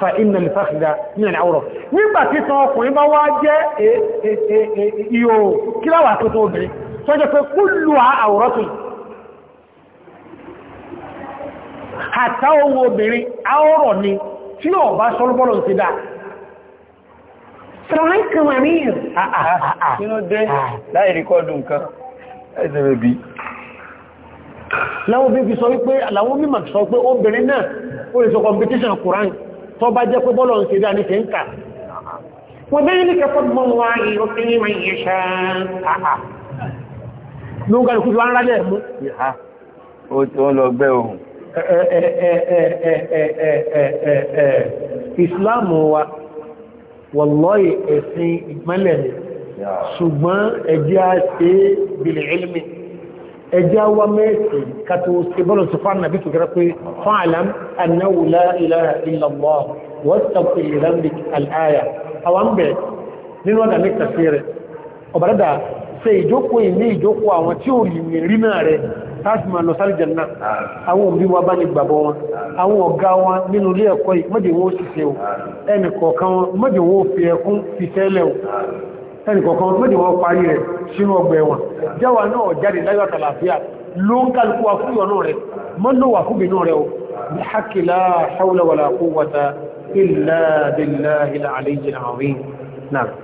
Speaker 2: fa iná lè fàṣìdá ní ẹ̀nà àwọ̀rọ̀. nígbà tí tán ọkùnrin bá wá jẹ́ ìhò e, e, e, kíláwà tó tó obìnrin tó jẹ́ pé kúlù àwọ̀rọ̀ tó àtà ohun obìnrin àwọ̀rọ̀ ni tí ó bá sọ́lọ́bọ́lọ̀ ti dá ah, ah, ah, láwọn bí fi sọ wípé àwọn mímọ̀ sọ pé obìnrin náà ó lè sọ competition Kùránì tó bá jẹ́ pé bọ́lọ̀ ń ṣe dáa ní ṣe ń kà wọ́n bẹ́ẹ̀ ní kẹfọ́ mọ́ wá ìrọ́kí ní ma yẹ ṣáà ló ń gbẹ̀rẹ̀ bìlì ilmi ẹjá wa mẹ́sì kàtò sí bọ́lọ̀ sí fún ànàbí tó kẹ́rẹ́ pé fún àlám annahu la ilaha illallah wastaghfir li dhanbik al-aya àwọn ń bẹ̀ nínú ọ̀dà mẹ́ta sí rẹ̀ ọ̀bàdàdà ṣe ìjókòó ìní ìjókòó àwọn tí ò lè rí náà rẹ̀ láti lọ sáré jẹ̀nà àwọn òbí wa bá ní gbàgbọ́ wọn àwọn ọ̀gá wọn nínú ilé ẹ̀kọ́ yìí wọn ó sì ẹnì kọ̀ọ̀kan wọn mọ́dé wọn ó fi ẹkún fi sẹ́lẹ̀ o ẹnì kọ̀ọ̀kan méjì wọn parí rẹ̀ sínú ọgbà ẹ̀wọ̀n jáwa náà jáde láyọ̀ àtàlàfíà ló ń kálukú wa fún ìyọnú rẹ̀ mọ́nà wà fún ìbínú
Speaker 1: rẹ̀ o